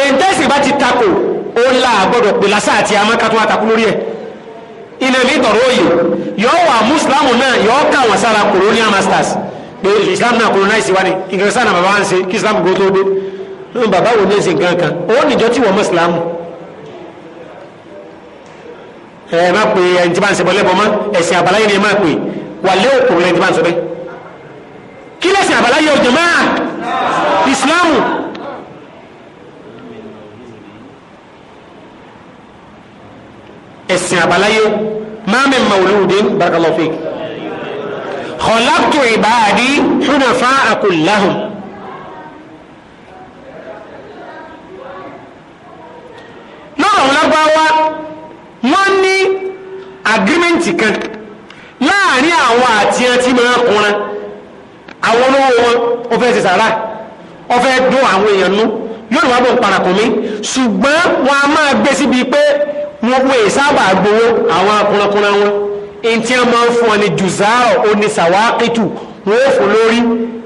èyí tẹ́sẹ̀ bá ti takò ó là gbọ́dọ̀ pè lásà àti amákàtún àtàkù lórí ẹ̀ ilé mi tọ̀rọ òye yọ wà mùsùlámù náà yọ kà wọ́n sára colonial masters pé islam náà colonize wa ni nǹkan sáà náà bàbá wa ń ṣe kí islam gbó tó dé bàbá wo ní ṣe nǹkan kan ó níjọ tí wọ́n mùsùlámù ẹ má pè ẹni tí bá ń ṣe bọ́lẹ́ bọ́ mọ́ ẹ̀sìn àbáláyé ni ẹ má pè wà lé òkùnrin ẹni tí bá ń sọ bẹ́ẹ̀ kí lẹ́sìn àbáláyé ọ̀jọ̀ máa islam. ẹ̀sìn àbáláyé máàmì màwùlúùdín barakallahu fik khalaqtu ibadi hunafa'a kullahum lọ́rọ̀ wọn lágbáwá wọ́n ní agirimenti kan láàrin àwọn àti ẹtí máa kunra àwọn olówó wọn ó fẹ́ ṣe sàrà ó fẹ́ dún àwọn èèyàn nú lónìí wọn bọ̀ ń ṣùgbọ́n wọn a máa gbé síbi pé wọn pé sábà gbowó àwọn akúnrakúnra wọn èyí tí wọn máa ń fún ọ ní jùzáàrọ oníṣàwákìtù wọn ò fún lórí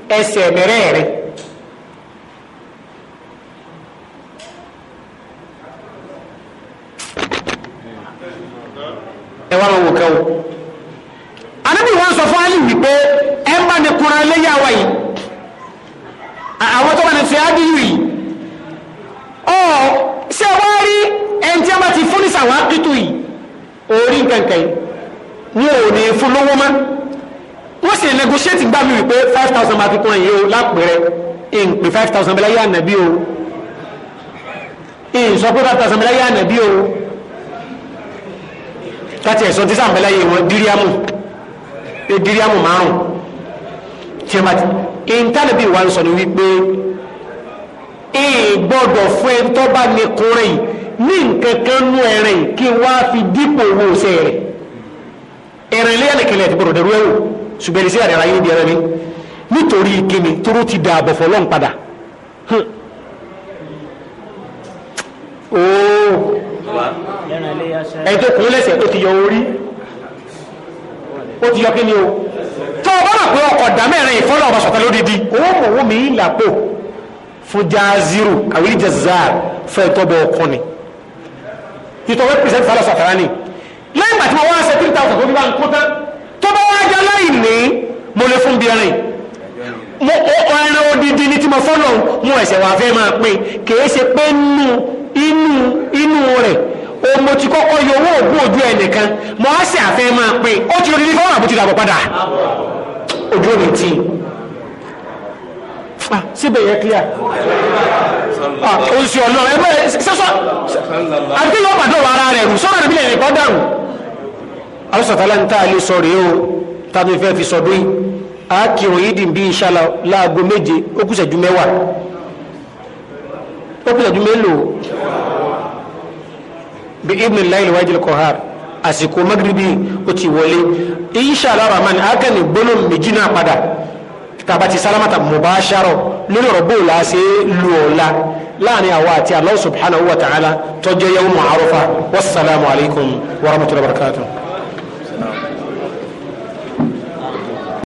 ẹsẹ̀ mẹ́rẹ̀ẹ̀rin. ẹ wá lọ wò kẹwò anábì sọ fún Ali wípé ẹ bá ní kura léyà àwọn akítù yìí orí nkankan yìí wọn ò ní fún lówó mọ́ wọ́n sì negotiate gbà mí wípé five thousand máa fi kún ẹ̀yìn o lápẹ̀rẹ̀ ìǹpè five thousand bẹ́lá yà nàbí o ìǹsọ pé five thousand bẹ́lá yà nàbí o láti ẹ̀sọ́ tí sàmbẹ́lá yìí wọ́n díríàmù díríàmù márùn tí wọ́n bá ti ìǹtánẹ́bì wa ń sọ ni wípé ìgbọ́dọ̀ fún ẹ̀ tó bá ní yìí ní nǹkan kan nú ẹ̀rìn kí wá fi dípò owó ṣe rẹ̀ ẹ̀rìn ilé ẹ̀nìkẹlẹ̀ ti gbọdọ̀ dẹ̀rú ẹ̀wò ṣùgbọ́n ìṣe àdàrà yìí di ẹ̀rẹ́ mi nítorí kíni tóró ti dà àbọ̀fọ̀ lọ́n padà ẹ̀ tó kún lẹ́sẹ̀ tó ti yọ orí ó ti yọ kí ni o tó o bá rà pé ọkọ̀ dà mẹ́rin ìfọ́lọ́ ọba sọ̀tẹ́ lódìdí owó mọ̀wó mi ń làpò fún jaaziru àwílì jazar fún ẹ̀tọ́ bọ ọkọ ni ìtọ́wé pírísẹ́ntì sálọ sọ̀tàrà ni lẹ́yìn ìgbà tí mo wá ṣe three thousand tó fi bá ń kó tán tó bá wá jẹ́ lẹ́yìn ní mo lè fún bíọ́rin mo ọ̀rẹ́ odidi ni tí mo fọ́nà mo ẹ̀sẹ̀ wà fẹ́ máa pín kìí ṣe pé nínú inú inú rẹ̀ o mo ti kọ́kọ́ yọ owó ògùn ojú ẹnìkan mo á sì àfẹ́ máa pín ó ti rí ní fọ́nà àbútí ìdàbọ̀ padà ojú ò ní tí ì Ah, síbẹ̀ yẹ clear oṣù ọ̀nà ẹgbẹ́ sẹ́sọ́ àti yóò bàdọ̀ wà ara rẹ̀ rù sọ́nà rẹ̀ bílẹ̀ nìkan dàrú alùsọ̀tàlá ń tà lè sọ rèé o tàbí fẹ́ fi sọdún yìí àákìrò yìí dì bí inshallah láago méje ó kù ṣẹ́jú mẹ́wàá ó kù ṣẹ́jú mélòó bí ibùdó láìlè wájú kọ̀hár àsìkò magribi ó ti wọlé inshallah rahman akẹ́ni gbólóhùn méjì náà padà tàbátí sálámàtà mubasharo lórí ọ̀rọ̀ bóòlù àṣẹ lu ọ̀la láàrin àwa àti Allah subhanahu wa ta'ala tó jẹ́ yawmu Arafah wassalamu alaikum warahmatullahi wabarakatuh